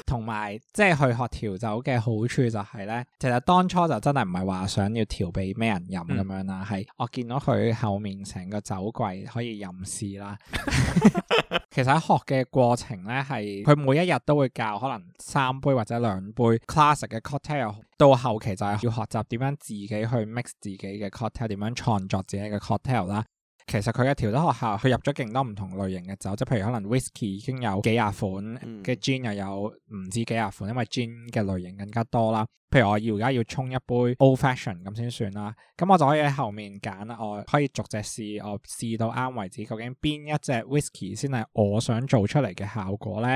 同埋即係去學調酒嘅好處就係、是、咧，其實當初就真係唔係話想要調俾咩人飲咁樣啦，係、嗯、我見到佢後面成個酒櫃可以任試啦。 其實喺學嘅過程呢，係佢每一日都會教可能三杯或者兩杯 classic 嘅 cocktail，到後期就係要學習點樣自己去 mix 自己嘅 cocktail，點樣創作自己嘅 cocktail 啦。其實佢嘅調酒學校，佢入咗勁多唔同類型嘅酒，即係譬如可能 whisky 已經有幾廿款嘅、嗯、gin 又有唔止幾廿款，因為 gin 嘅類型更加多啦。譬如我要而家要沖一杯 old fashion 咁先算啦，咁我就可以喺後面揀，我可以逐隻試，我試到啱為止，究竟邊一隻 whisky 先係我想做出嚟嘅效果咧？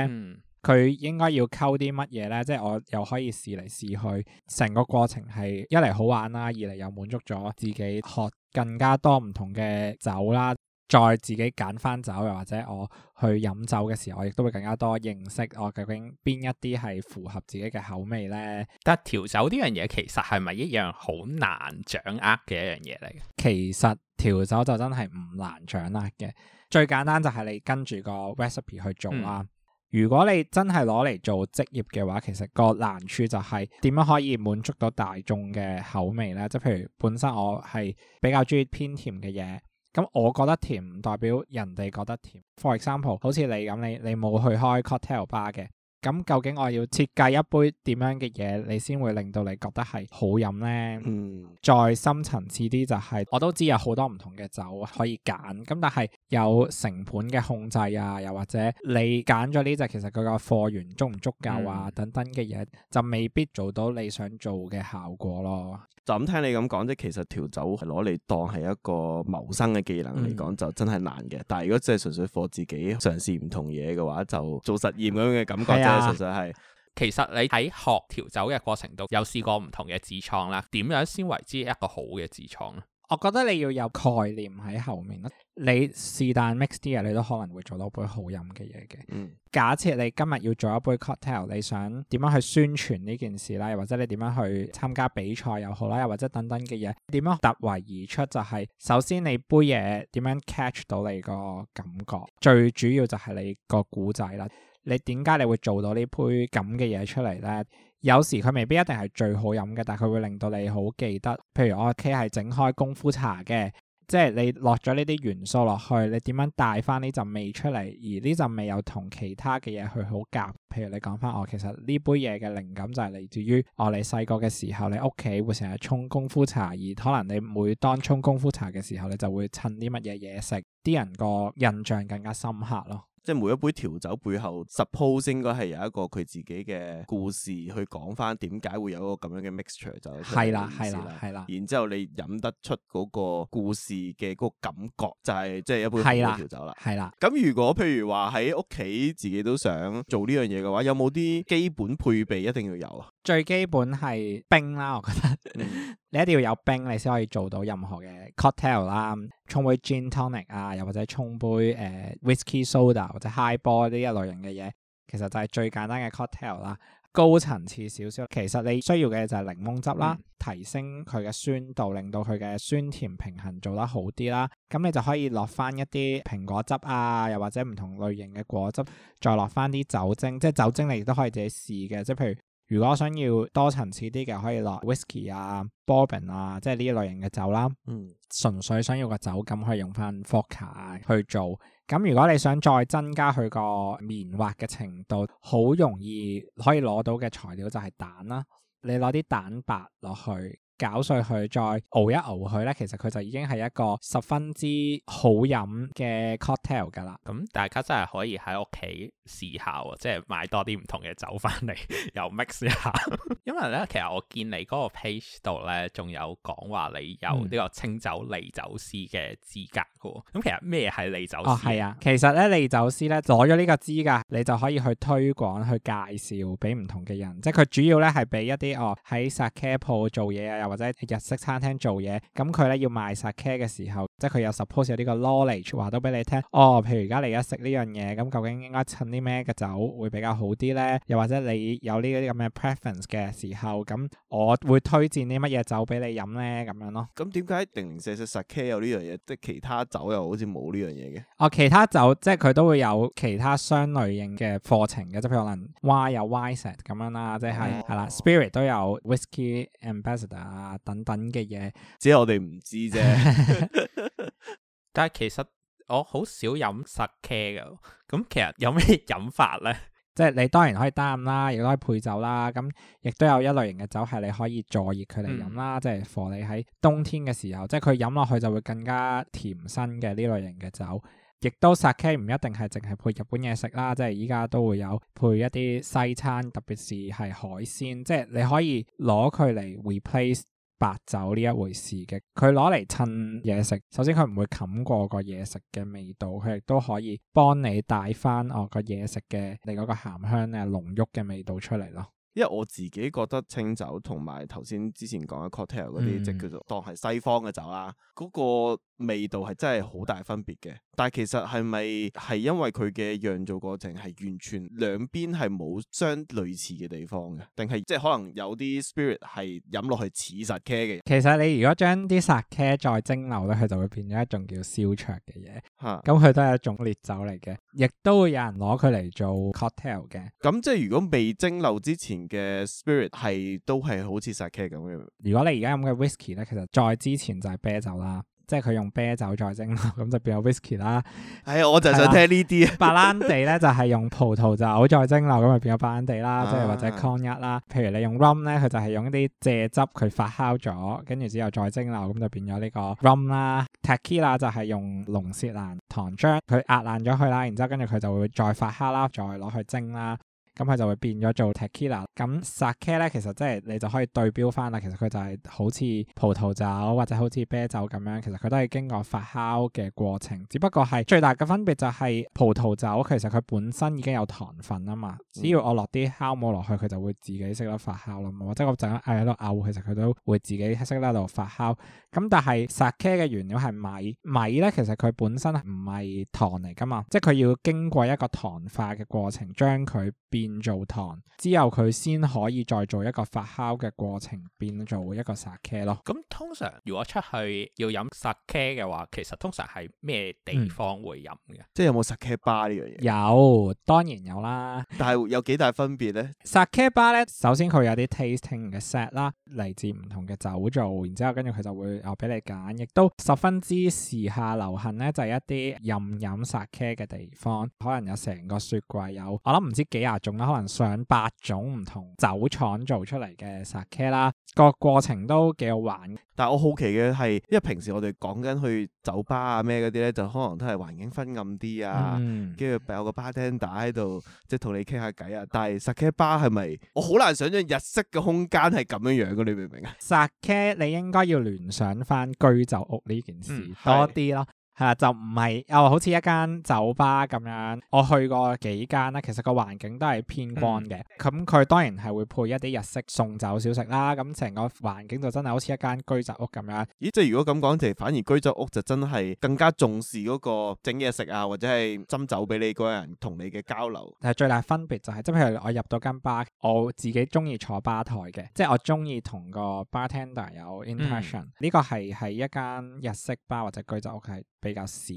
佢、嗯、應該要溝啲乜嘢咧？即係我又可以試嚟試去，成個過程係一嚟好玩啦，二嚟又滿足咗自己學更加多唔同嘅酒啦，再自己揀翻酒，又或者我去飲酒嘅時候，我亦都會更加多認識我究竟邊一啲係符合自己嘅口味呢。但調酒呢樣嘢其實係咪一樣好難掌握嘅一樣嘢嚟？其實調酒就真係唔難掌握嘅，最簡單就係你跟住個 recipe 去做啦。嗯如果你真係攞嚟做職業嘅話，其實個難處就係點樣可以滿足到大眾嘅口味呢？即係譬如本身我係比較中意偏甜嘅嘢，咁我覺得甜唔代表人哋覺得甜。For example，好似你咁，你你冇去開 cocktail bar 嘅，咁究竟我要設計一杯點樣嘅嘢，你先會令到你覺得係好飲呢？嗯，再深層次啲就係，我都知有好多唔同嘅酒可以揀，咁但係。有成本嘅控制啊，又或者你揀咗呢隻，其實佢個貨源足唔足夠啊，嗯、等等嘅嘢就未必做到你想做嘅效果咯。
就咁聽你咁講，即其實調酒係攞嚟當係一個謀生嘅技能嚟講，嗯、就真係難嘅。但係如果真係純粹 for 自己嘗試唔同嘢嘅話，就做實驗咁樣嘅感覺啫，純粹係。啊、
其實你喺學調酒嘅過程度，有試過唔同嘅自創啦，點樣先為之一個好嘅自創？我覺得你要有概念喺後面咯，你是但 mix 啲嘢，你都可能會做到一杯好飲嘅嘢嘅。嗯、假設你今日要做一杯 cocktail，你想點樣去宣傳呢件事啦？又或者你點樣去參加比賽又好啦，又或者等等嘅嘢，點樣突圍而出，就係，就係首先你杯嘢點樣 catch 到你個感覺，最主要就係你個古仔啦。你點解你會做到呢杯咁嘅嘢出嚟呢？有時佢未必一定係最好飲嘅，但係佢會令到你好記得。譬如我屋企係整開功夫茶嘅，即係你落咗呢啲元素落去，你點樣帶翻呢陣味出嚟？而呢陣味又同其他嘅嘢去好夾。譬如你講翻我、哦，其實呢杯嘢嘅靈感就係嚟自於我哋細個嘅時候，你屋企會成日沖功夫茶，而可能你每當沖功夫茶嘅時候，你就會襯啲乜嘢嘢食，啲人個印象更加深刻咯。
即係每一杯調酒背後，suppose 應該係有一個佢自己嘅故事去講翻點解會有一個咁樣嘅 mixture 就係啦，係啦，係啦。然之後你飲得出嗰個故事嘅嗰個感覺，就係即係一杯好嘅調酒啦。係啦。咁如果譬如話喺屋企自己都想做呢樣嘢嘅話，有冇啲基本配備一定要有
啊？最基本係冰啦，我覺得。嗯、你一定要有冰，你先可以做到任何嘅 cocktail 啦。嗯，沖杯 gin tonic 啊，又或者沖杯誒、呃、whisky soda 或者 highball 呢一類型嘅嘢，其實就係最簡單嘅 cocktail 啦。高層次少少，其實你需要嘅就係檸檬汁啦，提升佢嘅酸度，令到佢嘅酸甜平衡做得好啲啦。咁你就可以落翻一啲蘋果汁啊，又或者唔同類型嘅果汁，再落翻啲酒精，即係酒精你亦都可以自己試嘅，即係譬如。如果想要多層次啲嘅，可以落 whisky 啊、波本啊，即係呢類型嘅酒啦。嗯，純粹想要個酒感，可以用翻伏卡啊去做。咁如果你想再增加佢個綿滑嘅程度，好容易可以攞到嘅材料就係蛋啦。你攞啲蛋白落去。攪碎佢，再熬一熬佢咧，其實佢就已經係一個十分之好飲嘅 cocktail 噶啦。咁、嗯、大家真係可以喺屋企試下、哦、即係買多啲唔同嘅酒翻嚟 又 mix 一下。 因為咧，其實我見你嗰個 page 度咧，仲有講話你有呢個清酒利酒師嘅資格噶。咁、嗯、其實咩係利酒師？係啊，其實咧利酒師咧攞咗呢個資格，你就可以去推廣、去介紹俾唔同嘅人。即係佢主要咧係俾一啲哦，喺 Sakaya 鋪做嘢啊。或者日式餐廳做嘢，咁佢咧要賣 sake 嘅時候，即係佢有 suppose 有呢個 knowledge 話到俾你聽，哦，譬如而家你而家食呢樣嘢，咁、嗯、究竟應該襯啲咩嘅酒會比較好啲咧？又或者你有呢啲咁嘅 preference 嘅時候，咁、嗯、我會推薦啲乜嘢酒俾你飲咧？咁樣咯。
咁點解零零舍舍 sake 有呢樣嘢，即係其他酒又好似冇呢樣嘢嘅？
哦，其他酒即係佢都會有其他相類型嘅課程嘅，即譬如可能 wine 有 WSET 咁樣、哦、啦，即係係啦 spirit 都有 whisky ambassador。啊，等等嘅嘢，只係我哋唔知啫。 但係其實我好少飲 sake 嘅，咁其實有咩飲法咧？即係你當然可以單飲啦，亦都可以配酒啦。咁亦都有一類型嘅酒係你可以助熱佢嚟飲啦，嗯、即係防你喺冬天嘅時候，即係佢飲落去就會更加甜身嘅呢類型嘅酒。亦都 Sake 唔一定係淨係配日本嘢食啦，即係依家都會有配一啲西餐，特別是係海鮮，即係你可以攞佢嚟 replace 白酒呢一回事嘅。佢攞嚟襯嘢食，首先佢唔會冚過個嘢食嘅味道，佢亦都可以幫你帶翻我個嘢食嘅你嗰個鹹香啊濃郁嘅味道出嚟咯。
因為我自己覺得清酒同埋頭先之前講嘅 cocktail 嗰啲，嗯、即叫做當係西方嘅酒啦，嗰、嗰個味道係真係好大分別嘅。但係其實係咪係因為佢嘅釀造過程係完全兩邊係冇相類似嘅地方嘅？定係即係可能有啲 spirit 係飲落去似 sake 嘅？
其實你如果將啲 sake 再蒸餾咧，佢就會變咗一種叫燒酎
嘅嘢。吓，
咁佢都係一種烈酒嚟嘅，亦都會有人攞佢嚟做 cocktail 嘅。
咁即係如果未蒸餾之前。嘅 spirit 係都係好似殺雞咁嘅。
如果你而家飲嘅 whisky 咧，其實再之前就係啤酒啦，即係佢用啤酒再蒸啦，咁、哎、就變咗 whisky 啦。係我就想聽呢啲。白蘭地咧就係、是、用葡萄酒再蒸餾，咁就變白蘭地啦，啊、即係或者 Cognac 啦。譬如你用 rum 咧，佢就係用一啲蔗汁佢發酵咗，跟住之後再蒸餾，咁就變咗呢個 rum 啦。嗯、Tequila 就係用龍舌蘭糖漿佢壓爛咗佢啦，然之後跟住佢就會再發酵啦，再攞去蒸啦。咁佢就會變咗做 tequila。咁 sake 咧，其實即係你就可以對標翻啦。其實佢就係好似葡萄酒或者好似啤酒咁樣，其實佢都係經過發酵嘅過程。只不過係最大嘅分別就係葡萄酒其實佢本身已經有糖分啊嘛。只要我落啲酵母落去，佢就會自己識得發酵啦嘛。或者我陣間嗌佢喺度嘔，其實佢都會自己識得喺度發酵。咁但係 sake 嘅原料係米，米咧其實佢本身唔係糖嚟噶嘛。即係佢要經過一個糖化嘅過程，將佢變做糖之後，佢先可以再做一個發酵嘅過程，變做一個沙卡咯。咁通常如果出去要飲沙卡嘅話，其實通常係咩地方會飲嘅？嗯、即係有冇沙卡吧呢樣嘢？有，當然有啦。
但係有幾大分別咧？
沙卡吧咧，首先佢有啲 tasting 嘅 set 啦，嚟自唔同嘅酒造，然之後跟住佢就會又俾你揀，亦都十分之時下流行咧，就係、是、一啲任飲沙卡嘅地方，可能有成個雪櫃有，我諗唔知幾廿種。有可能上百種唔同酒廠做出嚟嘅 Sake
啦，個過程都幾好玩。但係我好奇嘅係，因為平時我哋講緊去酒吧啊咩嗰啲咧，就可能都係環境昏暗啲啊，跟住、嗯、有個 bartender 喺度即係同你傾下偈啊。但係 Sake bar 係咪？我好難想象日式嘅空間係咁樣樣嘅，你明唔明啊
？Sake 你應該要聯想翻居酒屋呢件事、嗯、多啲啦。係就唔係啊，好似一間酒吧咁樣。我去過幾間啦，其實個環境都係偏光嘅。咁佢、嗯、當然係會配一啲日式送酒小食啦。咁、嗯、成個環境就真係好似一間居酒屋咁樣。
咦，即係如果咁講，就反而居酒屋就真係更加重視嗰個整嘢食啊，或者係斟酒俾你個人同你嘅交流。
但係最大分別就係、是，即係譬如我入到間吧，我自己中意坐吧台嘅，即係我中意同個 bartender 有 interaction 呢、嗯、個係喺一間日式吧或者居酒屋係，比較少，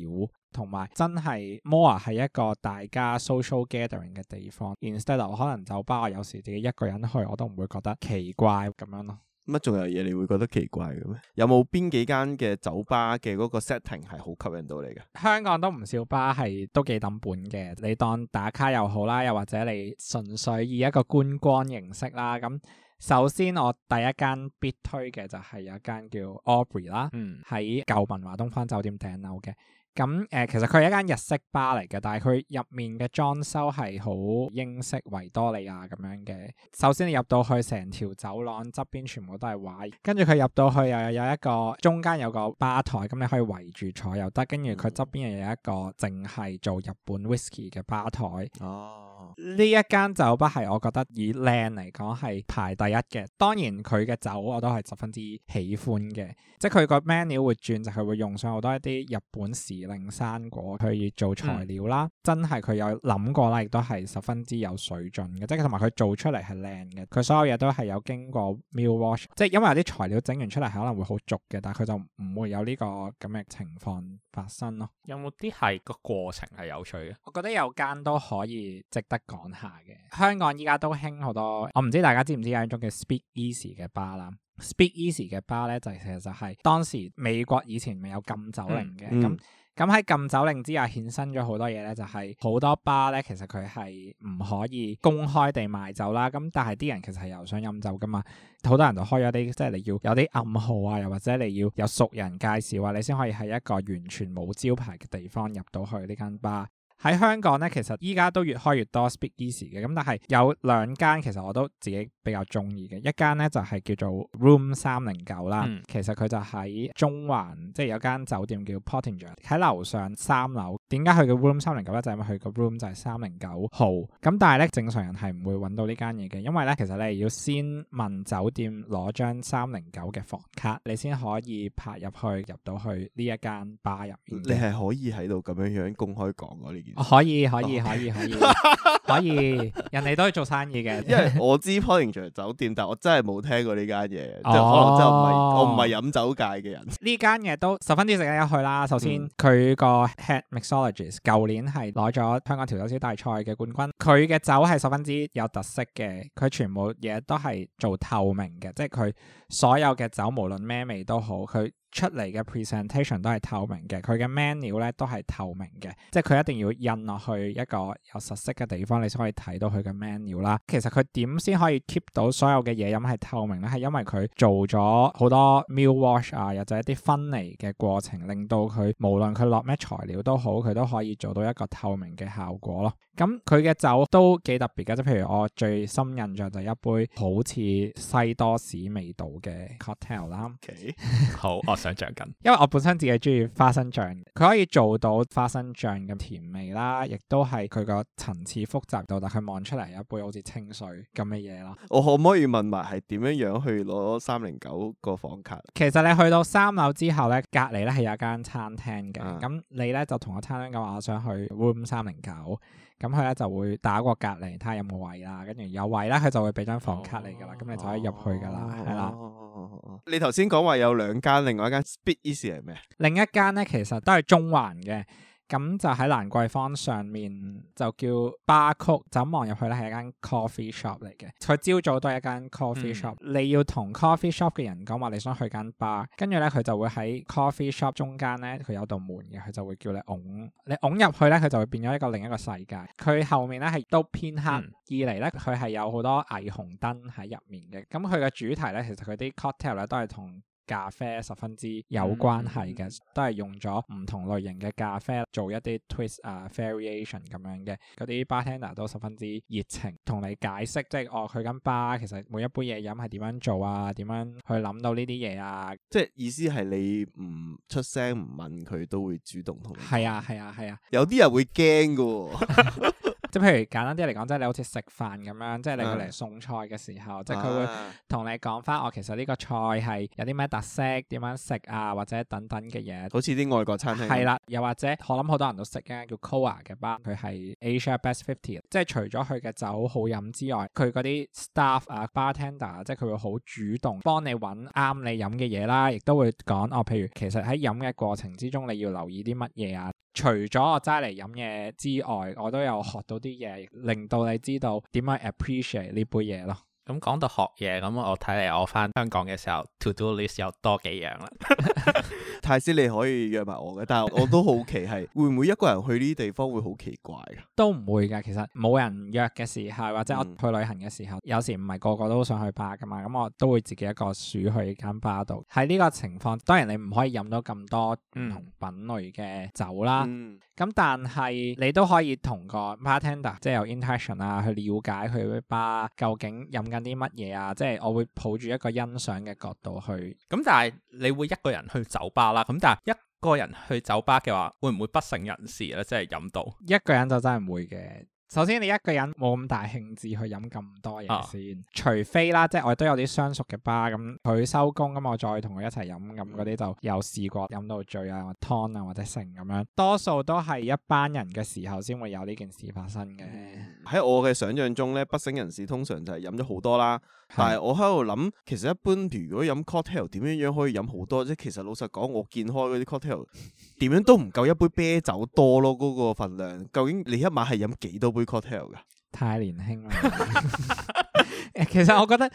同埋真係 more 係一個大家 social gathering 嘅地方。Instead of, 可能酒吧我有時自己一個人去，我都唔會覺得奇怪咁樣咯。乜仲
有嘢你會覺得奇怪嘅咩？有冇邊幾間嘅酒吧嘅嗰個 setting 係好吸引到你嘅？
香港都唔少吧，係都幾等本嘅，你當打卡又好啦，又或者你純粹以一個觀光形式啦咁。首先我第一間必推嘅就係有一間叫 Aubrey 啦，嗯，喺舊文華東方酒店頂樓嘅。咁誒、呃，其實佢係一間日式吧嚟嘅，但係佢入面嘅裝修係好英式維多利亞咁樣嘅。首先你入到去成條走廊側邊全部都係畫，跟住佢入到去又有一個中間有個吧台，咁你可以圍住坐又得。跟住佢側邊又有一個淨係做日本 whisky 嘅吧台。哦呢一間酒吧係我覺得以靚嚟講係排第一嘅，當然佢嘅酒我都係十分之喜歡嘅，即係佢個 menu 會轉就係、佢、會用上好多一啲日本時令生果去做材料啦，嗯、真係佢有諗過啦，亦都係十分之有水準嘅，即係同埋佢做出嚟係靚嘅，佢所有嘢都係有經過 milk wash，即係因為啲材料整完出嚟可能會好濁嘅，但係佢就唔會有呢個咁嘅情況發生咯。有冇啲係個過程係有趣嘅？我覺得有間都可以值。得講下嘅，香港依家都興好多，我唔知大家知唔知一種叫 Speakeasy 嘅吧啦。Speakeasy 嘅吧咧，bar，就其實就係當時美國以前咪有禁酒令嘅，咁咁喺禁酒令之下衍生咗好多嘢咧，就係、是、好多吧咧，其實佢係唔可以公開地賣酒啦。咁但係啲人其實係又想飲酒噶嘛，好多人都開咗啲，即係你要有啲暗號啊，又或者你要有熟人介紹啊，你先可以喺一個完全冇招牌嘅地方入到去呢間吧。喺香港咧，其實依家都越開越多 speakeasy 嘅，咁但係有兩間其實我都自己比較中意嘅，一間咧就係叫做 room 三零九啦。嗯、其實佢就喺中環，即、就、係、是、有間酒店叫 Pottinger，喺樓上三樓。點解佢嘅 room 三零九咧？就係佢個 room 就係三零九號。咁好但係咧，正常人係唔會揾到呢間嘢嘅，因為咧，其實你要先問酒店攞張三零九嘅房卡，你先可以拍入去入到去呢一間 bar 入面。你係可
以喺度咁樣樣公開講我呢件？可以可以可以可以 可以，人哋都係做生意嘅。因為我知 p o i 酒店，但我真係冇聽過呢間嘢，哦、即可能就唔係我唔係飲酒界嘅人。呢間嘢
都十分之值得一去啦。首先，佢個、嗯、Head Mixologist 舊年係攞咗香港調酒師大賽嘅冠軍。佢嘅酒係十分之有特色嘅，佢全部嘢都係做透明嘅，即係佢所有嘅酒無論咩味都好，佢。出嚟嘅 presentation 都係透明嘅，佢嘅 menu 咧都係透明嘅，即係佢一定要印落去一個有實色嘅地方，你先可以睇到佢嘅 menu 啦。其實佢點先可以 keep 到所有嘅嘢飲係透明咧？係因為佢做咗好多 milk wash 啊，又就一啲分離嘅過程，令到佢無論佢落咩材料都好，佢都可以做到一個透明嘅效果咯。咁佢嘅酒都幾特別嘅，即譬如我最深印象就一杯好似西多士味道嘅 cocktail 啦。好 Okay. 想象因為我本身自己中意花生醬，佢可以做到花生醬嘅甜味啦，亦都係佢個層次複雜到，但佢望出嚟
有杯好似清水咁嘅嘢啦。我可唔可以問埋係點樣樣去攞三零九個房卡？
其實你去到三樓之後咧，隔離咧係有間餐廳嘅，咁、嗯、你咧就同個餐廳講話，我想去 room 三零九。咁佢咧就會打過隔離睇下有冇位啦，跟住有位咧，佢就會俾張房卡你噶啦，咁、oh. 嗯、你就可以入去噶啦，係啦。
你頭先講話有兩間，另外一間 Speakeasy 係咩？
另一間咧其實都係中環嘅。咁就喺蘭桂坊上面，就叫巴曲，就望入去咧係一間 coffee shop 嚟嘅。佢朝早都係一間 coffee shop。嗯、你要同 coffee shop 嘅人講話，你想去間 bar，跟住咧佢就會喺 coffee shop 中間咧，佢有道門嘅，佢就會叫你拱，你拱入去咧，佢就會變咗一個另一個世界。佢後面咧係都偏黑，二嚟咧佢係有好多霓虹燈喺入面嘅。咁佢嘅主題咧，其實佢啲 cocktail 咧都係同。咖啡十分之有關係嘅，嗯、都係用咗唔同類型嘅咖啡做一啲 twist 啊、uh, variation 咁樣嘅，嗰啲 bartender 都十分之熱情，同你解釋，即係哦，佢緊 bar 其實每一杯嘢飲係點樣做啊，點樣去諗
到呢啲嘢啊，即係意思係你唔出聲唔問佢，都會主動同你。係啊係啊係啊，啊啊有啲人會驚噶、哦。 即譬如簡單啲嚟講，即係你好似
食飯咁樣，即係你嚟送菜嘅時候，嗯、即係佢會同你講翻，我其實呢個菜係有啲咩特色，點樣食啊，或者等等嘅嘢。好似啲外國餐廳係啦，又或者我諗好多人都食嘅叫 COA 嘅班，佢係 Asia Best Fifty，即係除咗佢嘅酒好飲之外，佢嗰啲 staff 啊、bartender，即係佢會好主動幫你揾啱你飲嘅嘢啦，亦都會講，我、哦、譬如其實喺飲嘅過程之中，你要留意啲乜嘢啊？除咗我齋嚟飲嘢之外，我都有學到啲嘢，令到你知道
點樣 appreciate 呢杯嘢咯。
咁講到學嘢，咁我睇嚟我返香港嘅時候
，to do list 有多幾樣啦。太 斯你可以約埋我嘅，但係我都好奇係 會唔會一個人去呢啲地方會好奇怪啊？
都唔會噶。其實
冇人約嘅時
候，或者我去旅行嘅時候，嗯、有時唔係個個都想去巴噶嘛，咁我都會自己一個數去間巴度。喺呢個情況，當然你唔可以飲到咁多唔同品類嘅酒啦。咁、嗯嗯、但係你都可以同個 bartender 即係有 interaction 啊，去了解佢啲巴究竟飲。啲乜嘢啊？即係我會抱住一個欣賞嘅角度去。咁但係你會一個人去酒吧啦。咁但係一個人去酒吧嘅話，會唔會不省人事咧？即係飲到一個人就真係唔會嘅。首先你一個人冇咁大興致去飲咁多嘢先，除非啦，即係我都有啲相熟嘅吧咁，佢收工咁，我再同佢一齊飲咁，嗰啲就有試過飲到醉啊、劏啊或者成咁樣，多數都係一班人嘅時候先會有呢件事發生嘅。
喺我嘅想像中呢，不省人事通常就係飲咗好多啦。但係，我喺度諗，其實一般如果飲 cocktail 點樣樣可以飲好多，即係其實老實講，我見開嗰啲 cocktail 點樣都唔夠一杯啤酒多咯，嗰、嗰個份量。究竟你一晚係飲幾多杯 cocktail 噶？太年輕啦！ 其實我覺得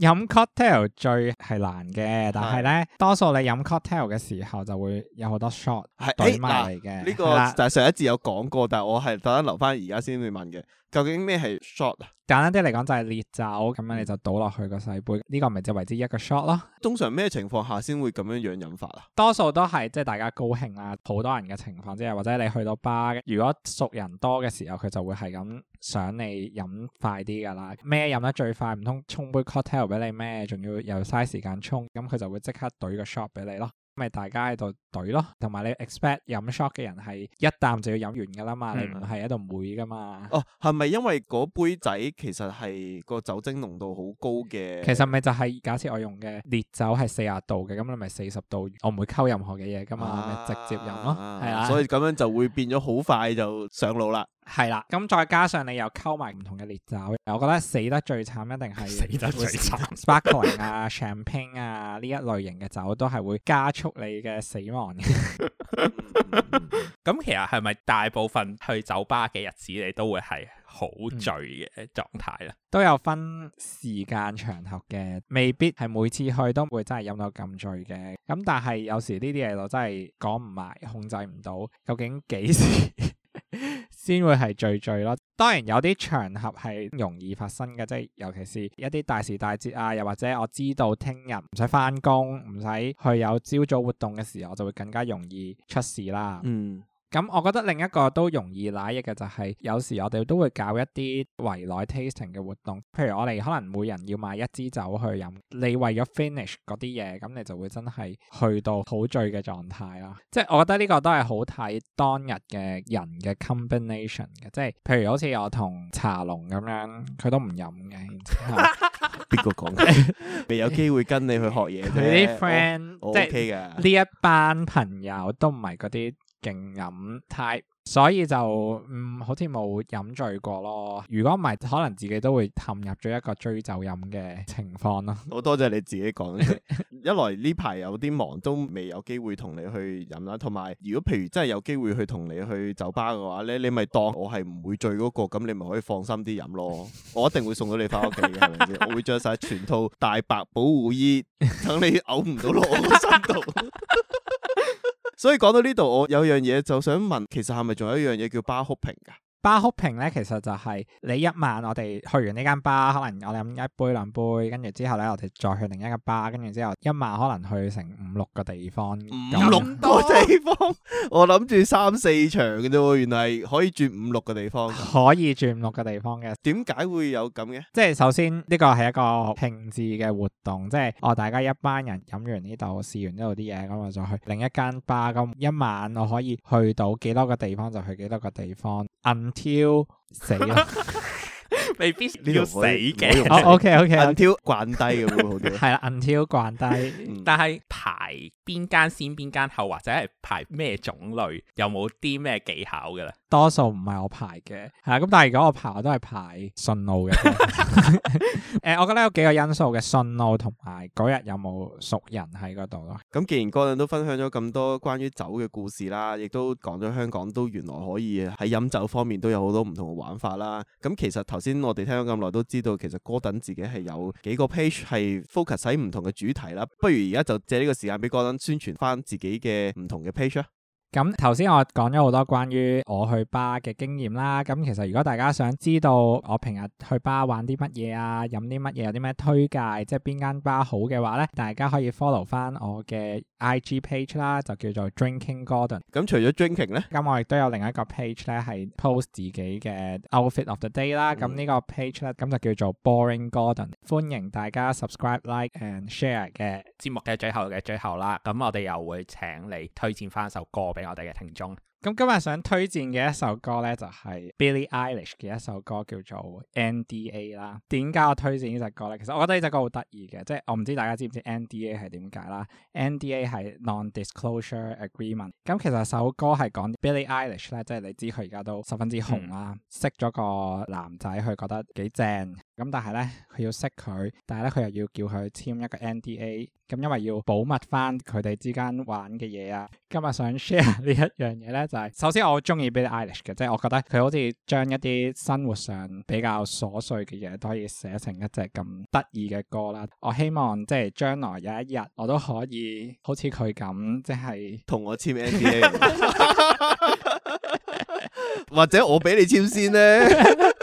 飲 cocktail 最係
難嘅，但係咧，嗯、多數你飲 cocktail 嘅時候就會有好多 shot 堆埋嚟嘅。呢個
就係上一集有講過，但係我係特登留翻而家先會問嘅。究竟咩係 shot 啊？
簡單啲嚟講就係烈酒，咁樣你就倒落去個細杯，呢個咪就為之一個 shot 咯。
通常咩情況下先會咁樣樣飲法啊？
多數都係即係大家高興啦，好多人嘅情況之下，或者你去到吧，如果熟人多嘅時候，佢就會係咁想你飲快啲噶啦。咩飲得最快？唔通沖杯 cocktail 俾你咩？仲要又嘥時間沖，咁佢就會即刻懟個 shot 俾你咯。咪大家喺度懟咯，同埋你 expect 飲 shot 嘅人係一啖就要飲完噶啦嘛，嗯、你唔係喺度唔會噶嘛。
哦，係咪因為嗰杯仔其實係個酒精濃度好高嘅？其實
咪就係、是、假設我用嘅烈酒係四啊度嘅，咁你咪四十度，我唔會溝任何嘅嘢噶嘛，咪、啊、直接飲咯，係啊，的所以
咁樣就會變咗好快就上腦啦。係啦，
咁再加上你又溝埋唔同嘅烈酒，我覺得死得最慘一定係死得最慘 sparkling 啊、 champagne 啊呢一類型嘅酒，都係會加速你嘅死亡嘅，咁、 嗯、其實係咪大部分去酒吧嘅日子，你都會係好醉嘅狀態咧？都有分時間場合嘅，未必係每次去都會真係飲到咁醉嘅。咁但係有時呢啲嘢我真係講唔埋，控制唔到，究竟幾時？ 先會係聚聚咯，當然有啲場合係容易發生嘅，即係尤其是一啲大時大節啊，又或者我知道聽日唔使返工，唔使去有朝早活動嘅時候，我就會更加容易出事啦。嗯。咁、嗯，我覺得另一個都容易拉嘢嘅就係、是，有時我哋都會搞一啲圍內 tasting 嘅活動，譬如我哋可能每人要買一支酒去飲，你為咗 finish 嗰啲嘢，咁、嗯、你就會真係去到好醉嘅狀態啦。即係我覺得呢個都係好睇
當日嘅
人嘅 combination 嘅，即係譬如好似我同茶龍咁
樣，佢都唔飲嘅。邊個講嘅？ 未有機會跟你去學嘢。佢啲的 friend OK 係
呢一班朋友都唔係嗰啲。勁飲太，type, 所以就嗯，好似冇飲醉過咯。如果唔係，可能自己都會陷入咗一個追酒飲嘅情況
咯。好多謝你自己講， 一來呢排有啲忙，都未有機會同你去飲啦。同埋，如果譬如真係有機會去同你去酒吧嘅話咧，你咪當我係唔會醉嗰、嗰個，咁你咪可以放心啲飲咯。 我一定會送到你翻屋企嘅，係咪？我會着晒全套大白保護衣，等你嘔唔到落我個身度。 所以講到呢度，我有樣嘢就想問，其實係咪仲有一樣嘢叫 bar hopping 㗎？
Bar hopping 咧，其實就係你一晚我哋去完呢間巴，可能我哋飲一杯兩杯，跟住之後咧，我哋再去另一個巴，跟住之後一晚可能去成五六個地方，咁多地方，
我諗住三四場嘅啫，原來可以轉五六個地方，
可以轉五六個地方嘅。
點解會有咁嘅？
即係首先呢個係一個停字嘅活動，即係我大家一班人飲完呢度，試完呢度啲嘢，咁我就去另一間巴，咁一晚我可以去到幾多個地方就去幾多個地方。嗯 until 死，
未必你要死嘅。哦，OK，OK，until 掛低咁樣好啲。係
啦，until 掛低， 但係排邊間先，邊間後，或者係排咩種類，有冇啲咩技巧噶啦？多數唔係我排嘅，係咁但係如果我排，我都係排信路嘅。誒、 呃，我覺得有幾個因素嘅信路同埋嗰日有冇熟人喺嗰度咯。
咁既然哥頓都分享咗咁多關於酒嘅故事啦，亦都講咗香港都原來可以喺飲酒方面都有好多唔同嘅玩法啦。咁其實頭先我哋聽咗咁耐，都知道其實哥頓自己係有幾個 page 係 focus 喺唔同嘅主題啦。不如而家就借呢個時間俾哥頓宣傳翻自己嘅唔同嘅 page 咁頭先我
講咗好多關於我去巴嘅經驗啦。咁其實如果大家想知道我平日去巴玩啲乜嘢啊，飲啲乜嘢，有啲咩推介，即係邊間巴好嘅話呢，大家可以 follow 翻我嘅 IG page 啦，就叫做 Drinking Gordon。
咁除咗 Drinking
呢，咁我亦都有另一個 page 呢，係 post 自己嘅 Outfit of the Day 啦。咁呢、嗯、個 page 呢，咁就叫做 Boring Gordon。歡迎大家 subscribe、like and share 嘅節目嘅最後嘅最後啦。咁我哋又會請你推薦翻首歌。俾我哋嘅聽眾，咁今日想推薦嘅一首歌咧，就係 Billie Eilish 嘅一首歌叫做 NDA 啦。點解我推薦呢隻歌咧？其實我覺得呢隻歌好得意嘅，即係我唔知大家知唔知 NDA 係點解啦？NDA 係 Non Disclosure Agreement。咁其實首歌係講 Billie Eilish 咧，即係你知佢而家都十分之紅啦。嗯、識咗個男仔，佢覺得幾正，咁但係咧佢要識佢，但係咧佢又要叫佢簽一個 NDA。咁因為要保密翻佢哋之間玩嘅嘢啊，今日想 share 呢一樣嘢咧，就係首先我中意 Billie Eilish 嘅，即係我覺得佢好似將一啲生活上比較瑣碎嘅嘢都可以寫成一隻咁得意嘅歌啦。我希望即係、就是、將來有一日我都可以好似佢咁，即係同我簽 NDA，
或者我俾你簽先咧。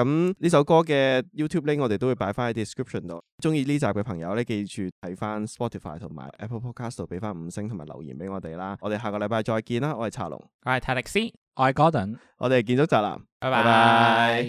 咁呢首歌嘅 YouTube link 我哋都會擺翻喺 description 度，中意呢集嘅朋友咧，記住睇翻 Spotify 同埋 Apple Podcast 俾翻五星同埋留言俾我哋啦，我哋下個禮拜再見啦，我係茶龍，
我係泰力斯，
我係 Gordon，我哋建築宅男，拜拜。拜拜。